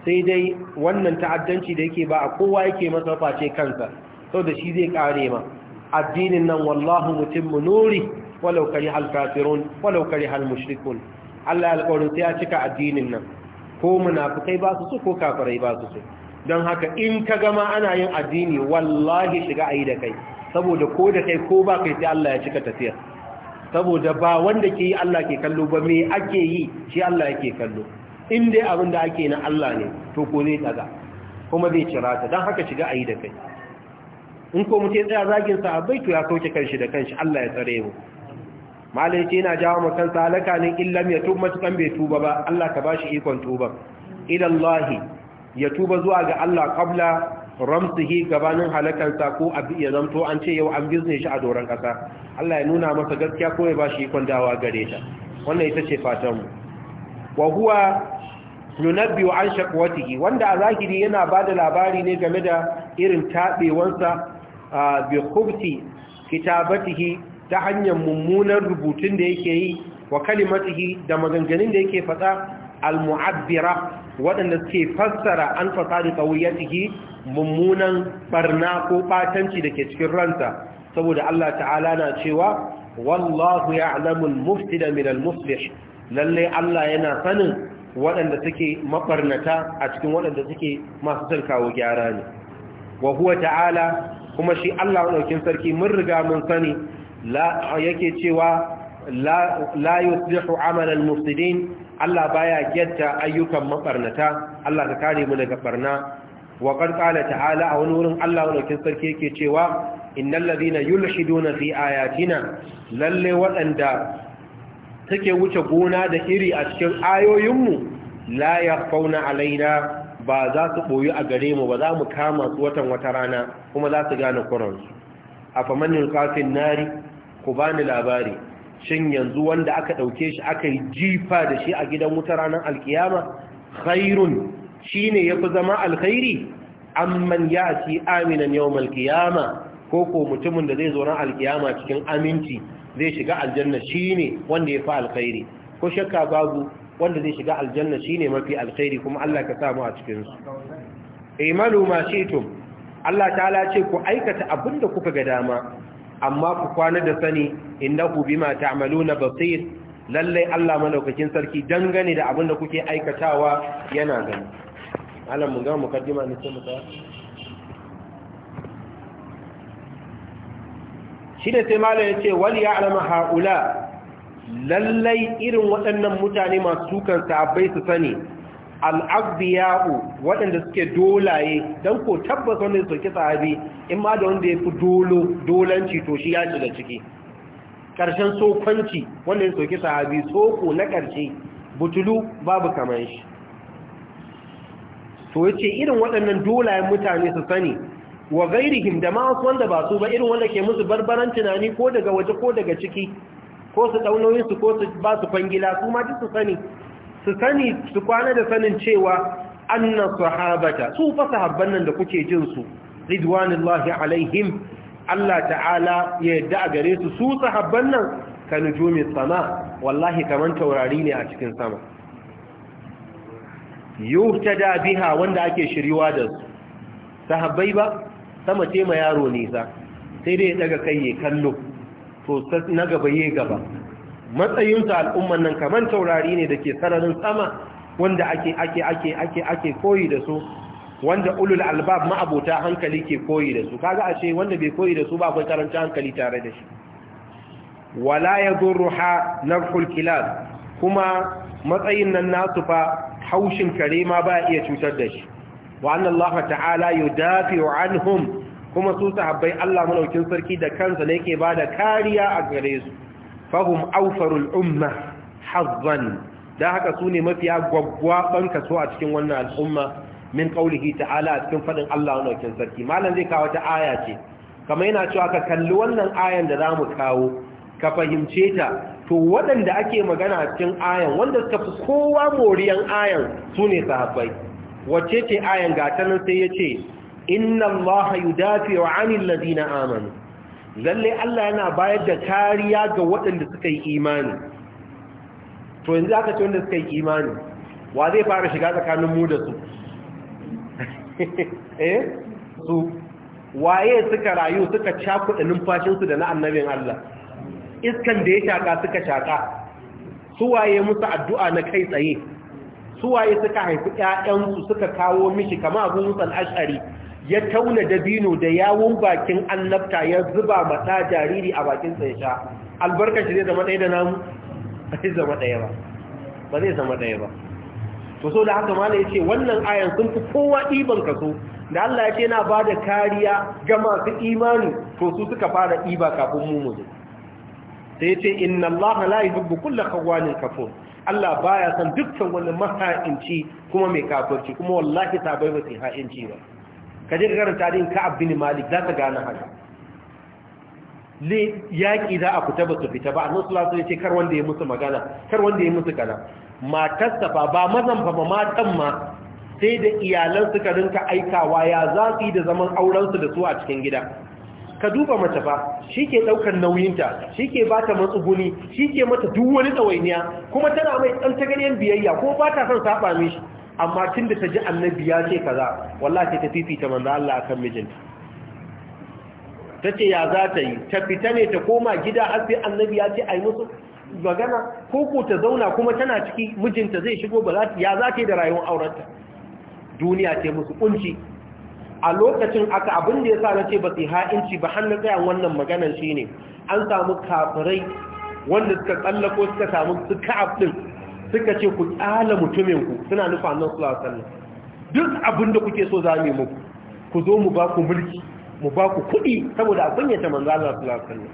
B: sai dai wannan ta'addanci da yake ba a kowa yake masa face kansa sau da shi zai kare ma addinin nan wallahu mutum munuri, walau kari hal Allah ya sai ya cika addinin nan ko munafukai ba su so ko kafirai ba su so don haka in ka gama ana yin addini wallahi shiga a yi da kai saboda ko da kai ko ba kai sai Allah ya cika tafiyar saboda ba wanda ke yi Allah ke kallo ba me ake yi shi Allah yake kallo in dai abin da ake na Allah ne to ko zai daga kuma zai cira ta don haka shiga a yi da kai in ko mutum tsaya zagin sa abai to ya soke kanshi da kanshi Allah ya tsare mu malai ce yana jawo mu kansa halaka ne illam ya tuba matukan bai tuba ba Allah ka bashi ikon tuba ilallahi ya tuba zuwa ga Allah kabla ramsihi gabanin halakansa ko ya zamto an ce yau an bizne shi a doron ƙasa? Allah ya nuna masa gaskiya ko ya bashi ikon dawa gare ta wannan ita ce fatan mu wa huwa yunabbi an shakwatihi wanda a zahiri yana ba da labari ne game da irin tabewansa bi khubti kitabatihi ta hanyar mummunan rubutun da yake yi wa kalimatihi da maganganun da yake faɗa al-mu'abbira waɗanda suke fassara an fasadi qawiyatihi mummunan barna ko da dake cikin ransa saboda Allah ta'ala na cewa wallahu ya'lamu al-mufsida min al-muslih lallai Allah yana sanin waɗanda suke mabarnata a cikin waɗanda suke masu son gyara ne wa huwa ta'ala kuma shi Allah ɗaukin sarki mun riga mun sani yake cewa la yuslihu amalan mufsidin Allah baya giyarta ayyukan mabarnata Allah ka kare mu daga barna wa qad qala ta'ala a wani wurin Allah wannan sarki ke cewa innal ladina yulhiduna fi ayatina lalle waɗanda take wuce gona da iri a cikin ayoyinmu la yakhfauna alaina ba za su boyi a gare mu ba za mu kama su watan wata rana kuma za su gane kuransu afaman yulqafin nari ku bani labari shin yanzu wanda aka ɗauke shi aka yi jifa da shi a gidan wuta ranar alkiyama khairun shi ne ya fi zama alkhairi amman ya ci aminan yau malkiyama ko ko mutumin da zai zo ran alkiyama cikin aminci zai shiga aljanna shi ne wanda ya fi alkhairi ko shakka babu wanda zai shiga aljanna shi ne mafi alkhairi kuma Allah ka samu a cikinsu imalu ma shi'tum Allah ta ce ku aikata abin da kuka ga dama amma ku kwana da sani innahu bima ta'maluna basir lalle Allah malaukakin sarki dangane da abinda kuke aikatawa yana gani Allah mun ga mukaddima ne sai mu ta shi da sai malam yace wal ya'lam haula lallai irin waɗannan mutane masu dukan bai su sani al'abdiya'u waɗanda suke dolaye don ko tabbas wanda su soki sahabi in ma da wanda ya fi dolo dolanci to shi ya ci da ciki ƙarshen sokwanci wanda ya soki sahabi soko na ƙarshe butulu babu kamar shi to yace irin waɗannan dolayen mutane su sani wa gairihim da masu wanda ba su ba irin wanda ke musu barbaran tunani ko daga waje ko daga ciki ko su ɗaunoyinsu ko su ba su fangila su ma duk su sani su sani su kwana da sanin cewa annan sahabata su fa sahabban nan da kuke jin su ridwanullahi alaihim Allah ta'ala ya yadda a gare su su sahabban nan ka nujumi sama wallahi kaman taurari ne a cikin sama yuhtada biha wanda ake shiriwa da su sahabbai ba sama ce ma yaro nisa sai dai ya daga kai ya kallo to na gaba ya gaba matsayinsa al'umman nan kamar taurari ne da ke sararin sama wanda ake ake ake ake ake koyi da su wanda ulul albab ma'abota hankali ke koyi da su kaga ashe wanda bai koyi da su ba akwai karanta hankali tare da shi wala yadurruha na kilab kuma matsayin nan nasu fa haushin kare ma ba iya cutar da shi wa anna ta'ala yudafi'u anhum kuma su sahabbai Allah madaukin sarki da kansa ne yake bada kariya a gare su fahum awfarul umma hazzan da haka sune mafiya gwaggwaban kaso a cikin wannan al'umma min qaulihi ta'ala a cikin fadin Allah wannan sarki malam zai kawo ta aya ce kamar yana cewa ka kalli wannan ayan da zamu kawo ka fahimce ta to waɗanda ake magana cikin ayan wanda suka fi kowa moriyan ayan sune sahabbai wacce ce ayan gatanin sai yace inna allaha yudafi'u 'anil ladina amanu lalle Allah yana bayar da kariya ga waɗanda suka yi imani to yanzu aka ce wanda suka yi imani wa zai fara shiga tsakanin mu da su eh su waye suka rayu suka da numfashinsu da na annabin Allah iskan da ya shaka suka shaka su waye musu addu'a na kai tsaye su waye suka haifi ƴaƴansu suka kawo mishi kamar abu musul ash'ari ya tauna dabino da yawun bakin annabta ya zuba mata jariri a bakin sai sha albarkaci zai zama ɗaya da namu ba zai zama ɗaya ba ba zai zama ɗaya ba to so da haka mala ce wannan ayan sun fi kowa ɗiban kaso da Allah ya ce yana ba da kariya ga masu imani to su suka fara ɗiba kafin mu mutu sai ya ce inna Allah la yuhibbu kulla khawanin kafur Allah baya san dukkan wani maha'incin kuma mai kafirci kuma wallahi ta bai ba sai ha'inci ba ka je ka karanta din Ka'ab bin Malik za ka gane haka le za a fita ba su fita ba annabi sallallahu alaihi ya ce kar wanda ya musu magana kar wanda ya musu kana matarsa safa ba mazan fa ba matan ma sai da iyalan suka rinka aikawa ya za su yi da zaman aurensu da su a cikin gida ka duba mace fa shi ke ɗaukar nauyinta shi ke ba ta matsuguni shi ke mata duk wani tsawainiya. kuma tana mai ɗan ta ganyen biyayya ko ba ta son saba mishi amma tun da ta ji annabi ya ce kaza wallahi sai ta fifita manzo Allah akan mijinta tace ya za ta yi ta fita ne ta koma gida har sai annabi ya ce ai musu magana ko ko ta zauna kuma tana ciki mijinta zai shigo ba za ya za ta da rayuwar aurenta duniya ce musu kunci a lokacin aka abin da yasa nace ba sai ha'inci ba har na wannan maganar shine an samu kafirai wanda suka tsallako suka samu suka ɗin. suka ce ku kyala mutuminku suna nufa nan su alaihi duk abin da kuke so za mu yi muku ku zo mu ba ku mulki mu ba ku kuɗi saboda a kunyata manza Allah sallallahu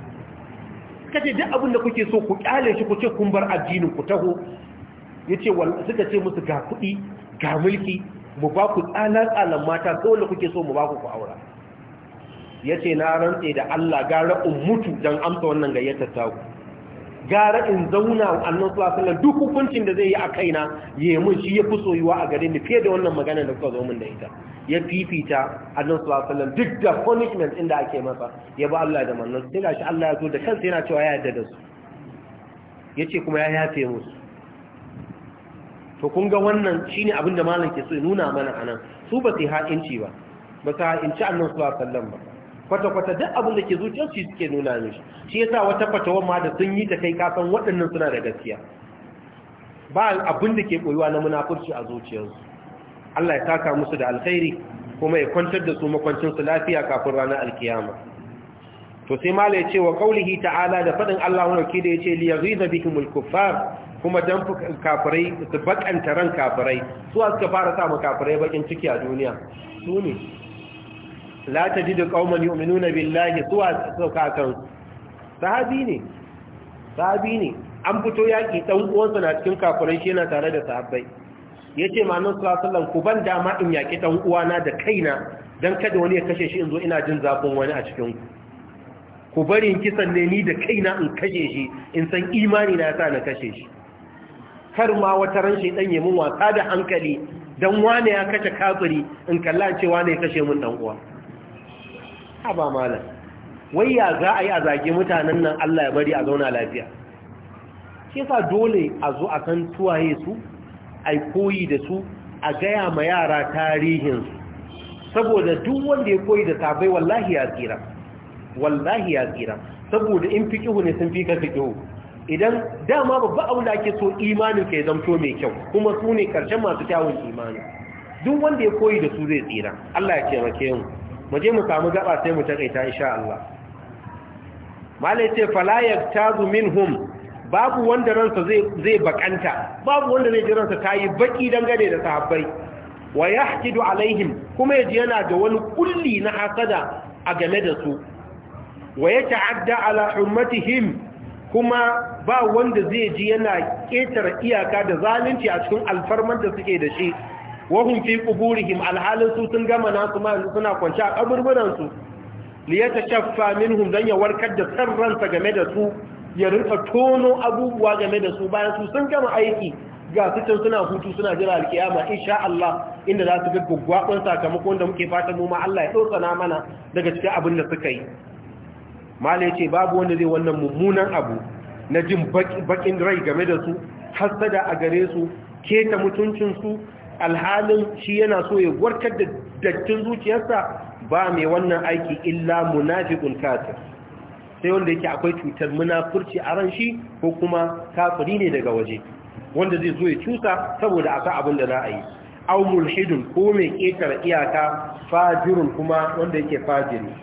B: suka ce duk abin da kuke so ku kyale shi ku ce kun bar addinin ku taho ya ce suka ce musu ga kuɗi ga mulki mu ba ku tsalan ƙalan mata ko wanda kuke so mu ba ku ku aura ce na rantse da Allah gara mutu dan amsa wannan gayyatar ta ku gara in zauna annan sulasallar duk hukuncin da zai yi a kaina ya mun shi ya fi soyuwa a gare ni fiye da wannan magana da kuka zo mun da ita ya fifita annan sulasallar duk da punishment inda ake masa ya ba Allah da mannan sai gashi Allah ya zo da kansa yana cewa ya yadda da su ya ce kuma ya yafe musu to kun ga wannan ne abin da malam ke so ya nuna mana anan su ba su ha'inci ba ba su ha'inci annan sulasallar ba kwata-kwata duk abin da ke zuciyarsu suke nuna mishi shi ya sa wata fatawar ma da sun yi ta kai kasan waɗannan suna da gaskiya ba abin da ke ɓoyuwa na munafurci a zuciyarsu Allah ya taka musu da alkhairi kuma ya kwantar da su makwancinsu lafiya kafin ranar alkiyama to sai mala ya ce wa qaulihi ta'ala da faɗin Allah wani wakil da ce li yaghiza bihimul kuffar kuma dan kafirai su bakanta ran kafirai su suka fara sa kafirai bakin ciki a duniya su ne la tajidu qauman yu'minuna billahi suwa sauka kan sahabi ne sahabi ne an fito yaki ɗan uwansa na cikin kafirai shi yana tare da sahabbai yace ce sallallahu ku ban dama in yaki dan uwana da kaina dan kada wani ya kashe shi in zo ina jin zafin wani a cikin ku bari in kisan ne ni da kaina in kashe shi in san imani na yasa na kashe shi kar ma wata ran shi dan yi mun wasa da hankali dan wane ya kashe kafiri in kalla cewa ne ya kashe mun dan uwa a ba malam wai ya za a yi a zage mutanen nan Allah ya bari a zauna lafiya shi sa dole a zo a kan tuwaye su a koyi da su a gaya ma yara tarihinsu saboda duk wanda ya koyi da tabai wallahi ya tsira wallahi ya tsira saboda in fikihu ne sun fika fikihu idan dama babba abu da ake so imanin ka ya zamto mai kyau kuma su ne karshen masu kyawun imani duk wanda ya koyi da su zai tsira Allah ya taimake mu mu je mu samu gaba sai mu takaita insha Allah malai ce fala yaktazu minhum babu wanda ransa zai zai bakanta babu wanda zai ji ransa tayi baki dangane da sahabbai wa yahkidu alaihim kuma yaji yana da wani kulli na hasada a game da su wa yata'adda ala ummatihim kuma ba wanda zai ji yana ƙetar iyaka da zalunci a cikin alfarman da suke da shi wahum fi quburihim alhalin su sun gama nasu ma suna kwance a kaburburan su liyatashaffa minhum dan ya warkar da sarransa game da su ya rinka tono abubuwa game da su bayan su sun gama aiki ga su can suna hutu suna jira alkiyama insha Allah inda za su ga gwaggwaɓin sakamakon da muke fata mu ma Allah ya na mana daga cikin abin da suka yi mala ya ce babu wanda zai wannan mummunan abu na jin bakin rai game da su hasada a gare su keta mutuncin su. alhalin shi yana so ya warkar da dattin zuciyarsa ba mai wannan aiki illa munafiqun kafir sai wanda yake akwai cutar munafurci a ran shi ko kuma kafiri ne daga waje wanda zai zo ya cusa saboda aka abin da za a yi aw mulhidun ko mai ƙetare iyaka fajirun kuma wanda yake fajiri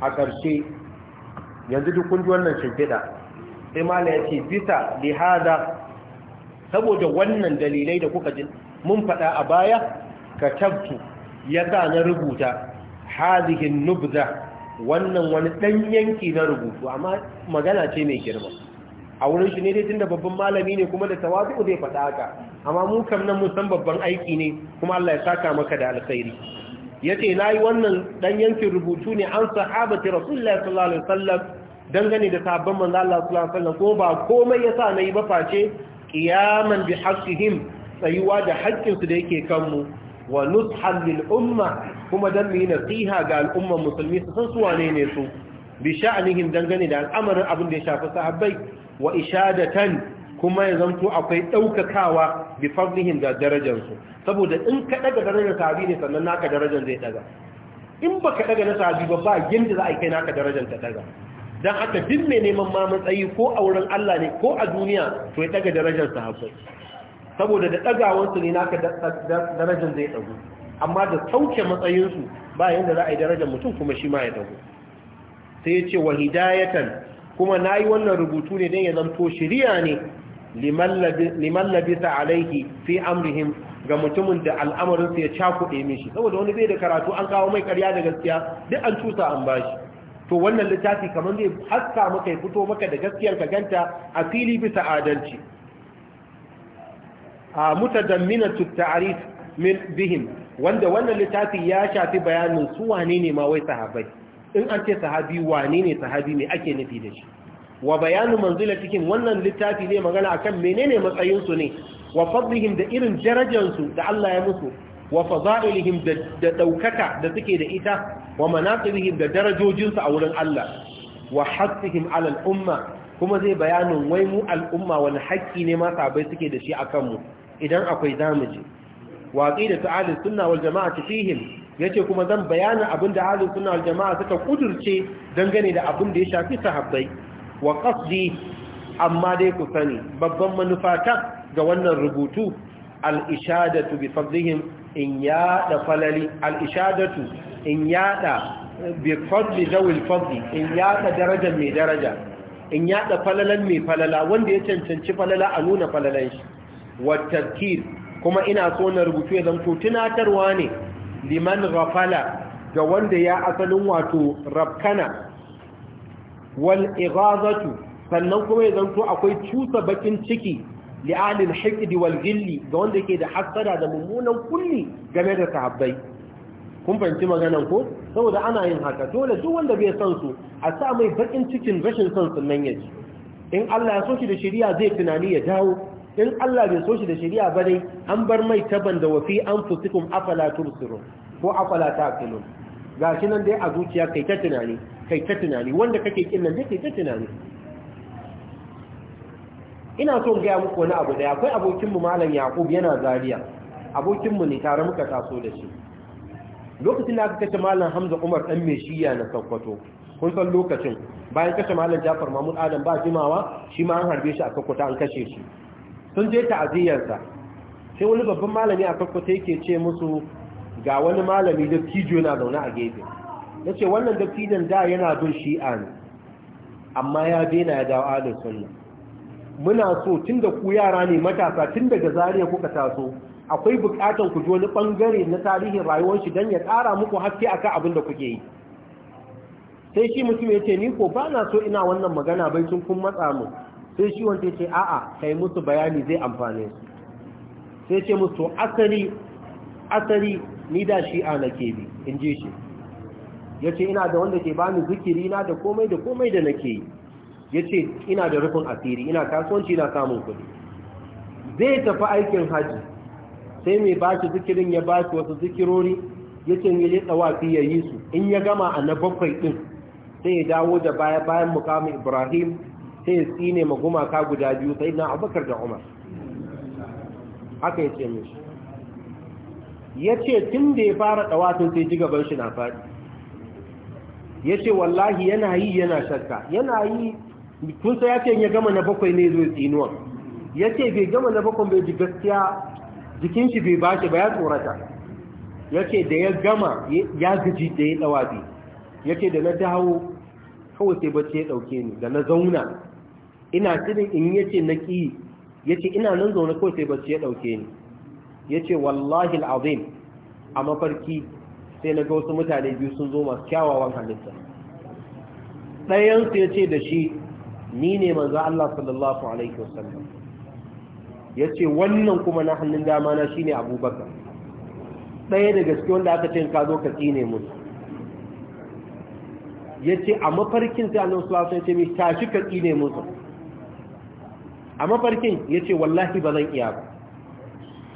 B: a ƙarshe yanzu duk kun ji wannan shimfiɗa sai mala ya ce bisa lihada saboda wannan dalilai da kuka ji mun faɗa a baya katabtu ya sa na rubuta Halihin nubza wannan wani ɗan yanki na rubutu amma magana ce mai girma a wurin shi ne dai tunda babban malami ne kuma da tawazu zai faɗa haka amma mu kam nan mun san babban aiki ne kuma Allah ya saka maka da alkhairi yace nayi wannan dan yankin rubutu ne an sahabati rasulullahi sallallahu alaihi wasallam dangane da sahabban manzo Allah sallallahu alaihi wasallam ko ba komai yasa nayi ba face qiyaman bi haqqihim tsayuwa da haƙƙinsu da yake kanmu wa nushan umma kuma dan mu yi nasiha ga al'ummar musulmi su san su wane ne su bi sha'anihim dangane da al'amarin abin da ya shafi sahabbai wa ishadatan kuma ya zanto akwai daukakawa bi fadlihim da darajarsu saboda in ka daga darajar sahabi ne sannan naka darajar zai daga in baka daga na sahabi ba ba yanda za a kai naka darajar ta daga dan haka duk mai neman ma matsayi ko a wurin Allah ne ko a duniya to ya daga darajar sahabbai saboda da ɗagawansu ne naka darajar zai ɗagu amma da sauke matsayinsu ba yadda za a yi darajar mutum kuma shi ma ya ɗagu sai ya ce wa hidayatan kuma na yi wannan rubutu ne don ya zanto shirya ne liman labisa sai fi amrihim ga mutumin da al'amarinsa ya cakuɗe mishi saboda wani bai da karatu an kawo mai karya da gaskiya duk an cusa an bashi to wannan littafi kamar zai haska maka ya fito maka da gaskiyar ka ganta a fili bisa adalci a mutadamminatu ta'rif min bihim wanda wannan littafi ya shafi bayanin su wane ne ma wai sahabbai in an ce sahabi wane ne sahabi me ake nufi da shi wa bayanu cikin wannan littafi ne magana akan menene matsayin su ne wa fadlihim da irin darajar su da Allah ya musu wa fadailihim da daukaka da suke da ita wa manaqibihim da darajojin su a wurin Allah wa haqqihim ala al-umma kuma zai bayanin wai mu al'umma wani haƙƙi ne ma sahabbai suke da shi akan mu idan akwai zamuji waƙi da ta ahlus sunna wal jama'a fihim yace kuma zan bayana abin da ahlus sunna wal jama'a suka kudurce dangane da abin da ya shafi sahabbai wa qasdi amma dai ku sani babban manufata ga wannan rubutu al-ishadatu bi fadlihim in yada falali al-ishadatu in yada bi fadli zawil fadli in yada daraja mai daraja in yada falalan mai falala wanda ya cancanci falala a nuna falalan shi watakir kuma ina so na rubutu ya zamto tunatarwa ne liman rafala ga wanda ya asalin wato rafkana wal igazatu sannan kuma ya zamto akwai cusa bakin ciki li'alin haƙidi wal gilli ga wanda ke da hasada da mummunan kulli game da sahabbai kun fahimci maganan ko saboda ana yin haka dole duk wanda bai san su a sa mai bakin cikin rashin son sunan ya ji in Allah ya so shi da shari'a zai tunani ya dawo in Allah bai so shi da shari'a ba dai an bar mai taban da wafi an fusikum afala tubsirun ko afala taqilun gashi nan dai a zuciya kai ta tunani kai ta tunani wanda kake kin nan kai ta tunani ina so ga muku wani abu da akwai abokin mu malam Yaqub yana Zariya. abokin mu ne tare muka taso da shi lokacin da aka kace malam Hamza Umar dan Meshiya na Sokoto kun san lokacin bayan kashe malam Jafar Mahmud Adam ba jimawa shi ma an harbe shi a Sokoto an kashe shi sun je ta'aziyarsa sai wani babban malami a farkota yake ce musu ga wani malami dattijo yana zaune a gefe ya ce wannan dattijon da yana bin shi'a ne amma ya daina ya dawo adal sunna muna so tun da ku yara ne matasa tun daga zariya kuka taso akwai bukatar ku ji wani bangare na tarihin rayuwar shi don ya tsara muku haske akan abin da kuke yi sai shi mutum ya ce ni ko ba na so ina wannan magana bai tun kun matsa mu sai shi wanda ce a'a kai musu bayani zai amfane su sai ce musu asali asali ni da shi a nake bi in ji shi ya ce ina da wanda ke bani zikiri na da komai da komai da nake yi ya ce ina da rufin asiri ina kasuwanci na samun kuɗi zai tafi aikin hajji sai mai ba shi zikirin ya ba shi wasu zikirori ya ce ya yi tsawafi ya yi su in ya gama a na bakwai din? sai ya dawo da baya bayan mukamin ibrahim sai ya tsine ma gumaka guda biyu sai na abubakar da umar haka ya ce mishi ya ce tun da ya fara ɗawatin sai ji gaban shi na faɗi ya ce wallahi yana yi yana shakka yana yi tun sai ya ce ya gama na bakwai ne zai tsinuwa ya ce bai gama na bakwai bai ji gaskiya jikin shi bai ba shi ba ya tsorata ya ce da ya gama ya gaji da ya bi ya ce da na dawo kawai sai bacci ya ɗauke ni da na zauna ina cikin in yace na ƙi yace ina nan zaune ko sai bacci ya ɗauke ni yace wallahi al'azim a mafarki sai na ga wasu mutane biyu sun zo masu kyawawan halitta ɗayansu ya yace da shi ni ne manzo Allah sallallahu alaihi wasallam ya ce wannan kuma na hannun dama na shine abubakar ɗaya da gaske wanda aka ce ka zo ka tsine musu yace a mafarkin sai Allah sallallahu alaihi wasallam ya ce tashi ka tsine musu a mafarkin ya ce wallahi ba zan iya ba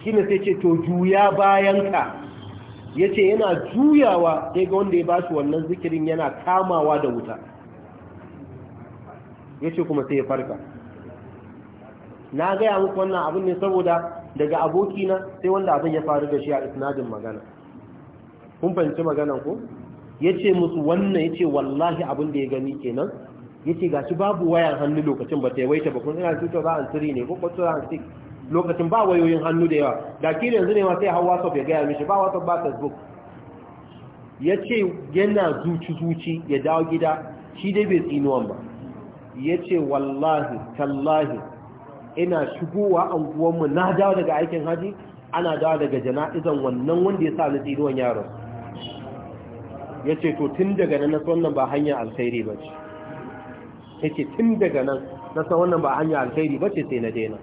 B: shi ne sai ce to juya bayanka ya ce yana juyawa sai ga wanda ya ba su wannan zikirin yana kamawa da wuta ya ce kuma sai ya farka na gaya muku wannan abin ne saboda daga abokina sai wanda abin ya faru da shi a isnadin magana kun fahimci magana ko ya ce musu wannan ya ce wallahi abin da ya gani kenan yace ga shi babu wayar hannu lokacin ba ta yawaita ba kun ina tuto ba an siri ne ko ko tura an sik lokacin ba wayoyin hannu da yawa da ke yanzu ne ma sai hawa WhatsApp ya gaya mishi ba WhatsApp ba Facebook ce yana zuci zuci ya dawo gida shi dai bai tsinuwan ba ce wallahi tallahi ina shigowa an mu na dawo daga aikin haji ana dawo daga jana'izan wannan wanda ya sa ni tsinuwan yaron ya ce to tun daga nan na wannan ba hanyar alkhairi ba ce yake tun daga nan na san wannan ba hanya alkhairi ba ce sai na daina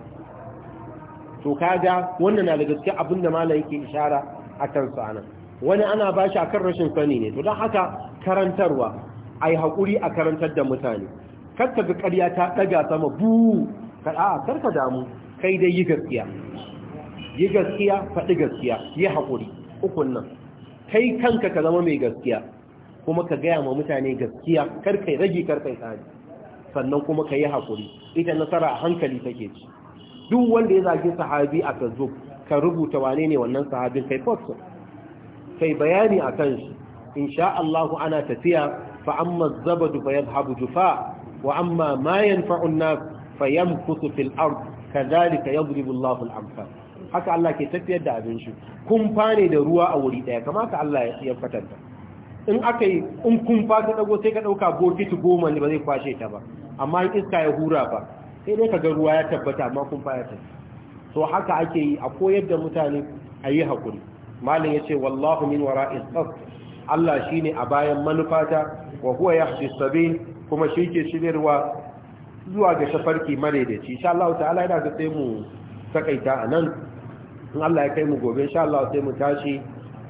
B: to kaga wannan na daga cikin abin da malai yake ishara a kan anan wani ana ba shi akan rashin sani ne to don haka karantarwa ai haƙuri a karantar da mutane kar ga ƙarya ta ɗaga sama bu ka a karka ka damu kai dai yi gaskiya yi gaskiya faɗi gaskiya yi haƙuri ukun nan kai kanka ka zama mai gaskiya kuma ka gaya ma mutane gaskiya karkai rage kar tsari sannan kuma ka yi haƙuri ita nasara a hankali take ci duk wanda ya zagi sahabi a facebook ka rubuta wane ne wannan sahabin kai post kai bayani a kan shi insha Allah ana tafiya fa amma zabadu fa yadhhabu jufa wa amma ma yanfa'u an-nas fa yamkutu fil ard kadhalika yadribu Allahu al haka Allah ke tafiyar da abin shi kun fane da ruwa a wuri daya kamar haka Allah ya fatanta in aka yi in kun ta dago sai ka dauka bokiti goma ne ba zai kwashe ta ba amma in iska ya hura ba sai dai ka ga ruwa ya tabbata amma kun ya ta so haka ake yi a koyar da mutane a yi hakuri malam ya wallahu min wara isaf Allah shi ne a bayan manufata wa huwa yahdi sabi kuma shi ke shirarwa zuwa ga shafarki madaidaici insha Allah ta'ala yana ga sai mu takaita anan in Allah ya kai mu gobe insha Allah sai mu tashi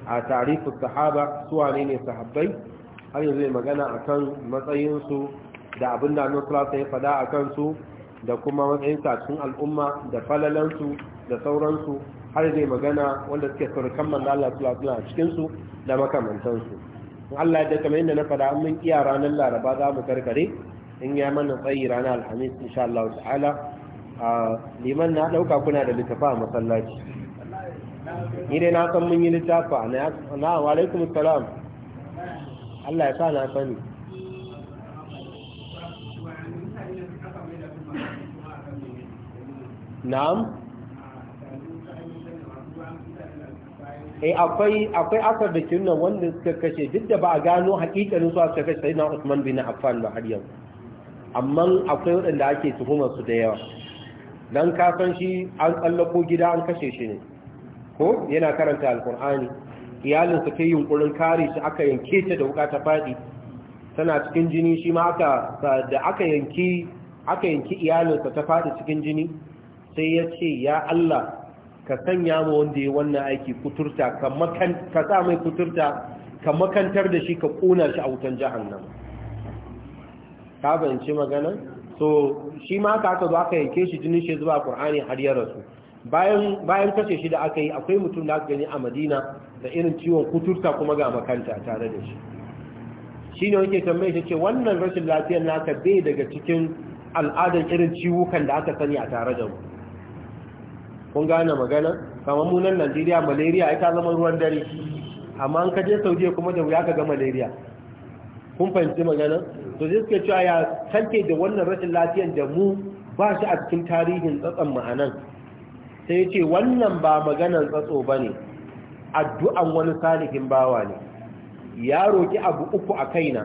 B: a tarihi sahaba su ne ne sahabbai har yanzu mai magana akan matsayinsu da abin da annabi ya fada akan su da kuma matsayin cikin al'umma da falalansu da sauransu har zai magana wanda suke surukan kammala Allah sallallahu alaihi a cikinsu su da makamantansu in Allah ya da kamar inda na faɗa mun iya ranar Laraba za mu karkare in ya mana tsayi ranar Alhamis insha Allah ta'ala liman na ɗauka kuna da littafa a masallaci ni dai na san mun yi littafa na wa alaikum salam Allah ya sa na sani na'am
A: eh akwai akwai
B: da kinnan wanda suka kashe duk da ba a gano hakikanin su suka kashe sayyidina Usman bin Affan ba har yau amma akwai waɗanda ake tuhumar su da yawa dan ka san shi an tsallako gida an kashe shi ne ko yana karanta alkur'ani iyalin su ta yunkurin kare shi aka yanke ta da wuka ta fadi tana cikin jini shi ma aka da aka yanki aka yanki iyalin ta fadi cikin jini sai ya ce ya Allah ka sanya mu wanda ya wannan aiki kuturta ka makan ka sa mai kuturta ka makantar da shi ka kona shi a wutan jahannama ka bayanci magana so shi ma aka aka zo aka yanke shi jini shi zuwa qur'ani har ya rasu bayan bayan kashe shi da aka yi akwai mutum da aka gani a madina da irin ciwon kuturta kuma ga makanta tare da shi shi ne wake tambaye shi ce wannan rashin lafiyar naka bai daga cikin al'adar irin ciwukan da aka sani a tare da mu kun gane magana kamar mu nan Najeriya malaria ai ta zama ruwan dare amma an kaje saudi kuma da wuya ka ga malaria kun fahimci magana to zai suke cewa ya sanke da wannan rashin lafiyar da mu ba shi a cikin tarihin tsatsan ma'anan sai ce wannan ba maganar tsatso ba ne addu'an wani salihin bawa ne ya roƙi abu uku a kaina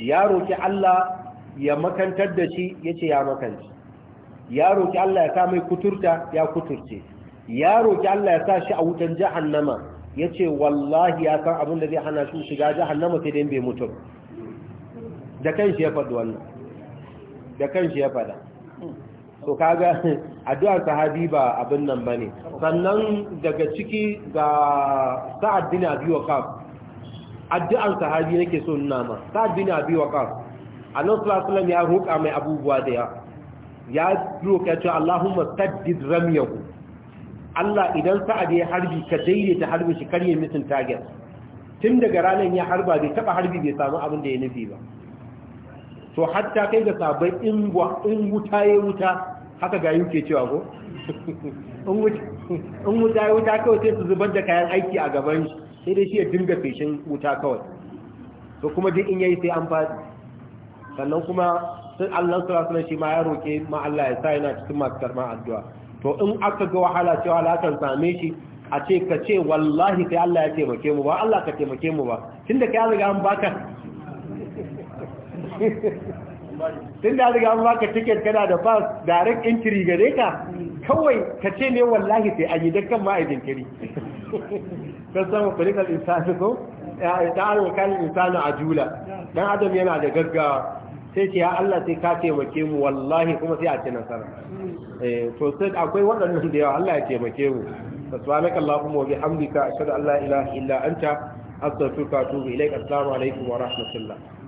B: ya roƙi Allah ya makantar da shi ya ce ya makanci ya roƙi Allah ya sa mai kuturta ya kuturce ya roƙi Allah ya sa shi a wutan jahannama ya ce wallahi ya san abin da zai hana shi shiga jahannama sai dai bai mutum da kan shi ya faɗi wannan da kan shi ya faɗa so kaga addu'ar sahabi ba abin nan ba ne. sannan daga ciki ga sa'ad bin abi waqas addu'ar sahabi nake so nuna ma sa'ad bin abi waqas annabi sallallahu alaihi wasallam ya roƙa mai abubuwa da ya ya roƙa ce Allahumma saddid ramyahu Allah idan sa'ad ya harbi ka daidaita harbi shi kar ya mutun target tun daga ranar ya harba bai taba harbi bai samu abin da ya nufi ba to hatta kai ga sabai in wuta ya wuta haka ga yuke cewa ko in wuta ya wuta kawai sai su zubar da kayan aiki a gaban shi sai dai shi ya dinga feshin wuta kawai to kuma duk in yayi sai an faɗi sannan kuma sun Allah sura suna shi ma ya roƙe ma Allah ya sa yana cikin masu karɓar addu'a to in aka ga wahala cewa lakan same shi a ce ka ce wallahi sai Allah ya taimake mu ba Allah ka taimake mu ba tunda kai an riga an baka tun da riga an baka ticket kana da pass direct entry gare ka kawai ka ce ne wallahi sai a yi dukkan ma'aidin kiri kan samu kulikal insani ko da alwakalin insani a jula dan adam yana da gaggawa sai ce ya Allah sai ka taimake mu wallahi kuma sai a ci nasara eh, to sai akwai waɗannan da yawa Allah ya taimake mu subhanaka allahumma wa bihamdika ashhadu an la ilaha illa anta astaghfiruka wa atubu ilaik assalamu alaikum wa rahmatullah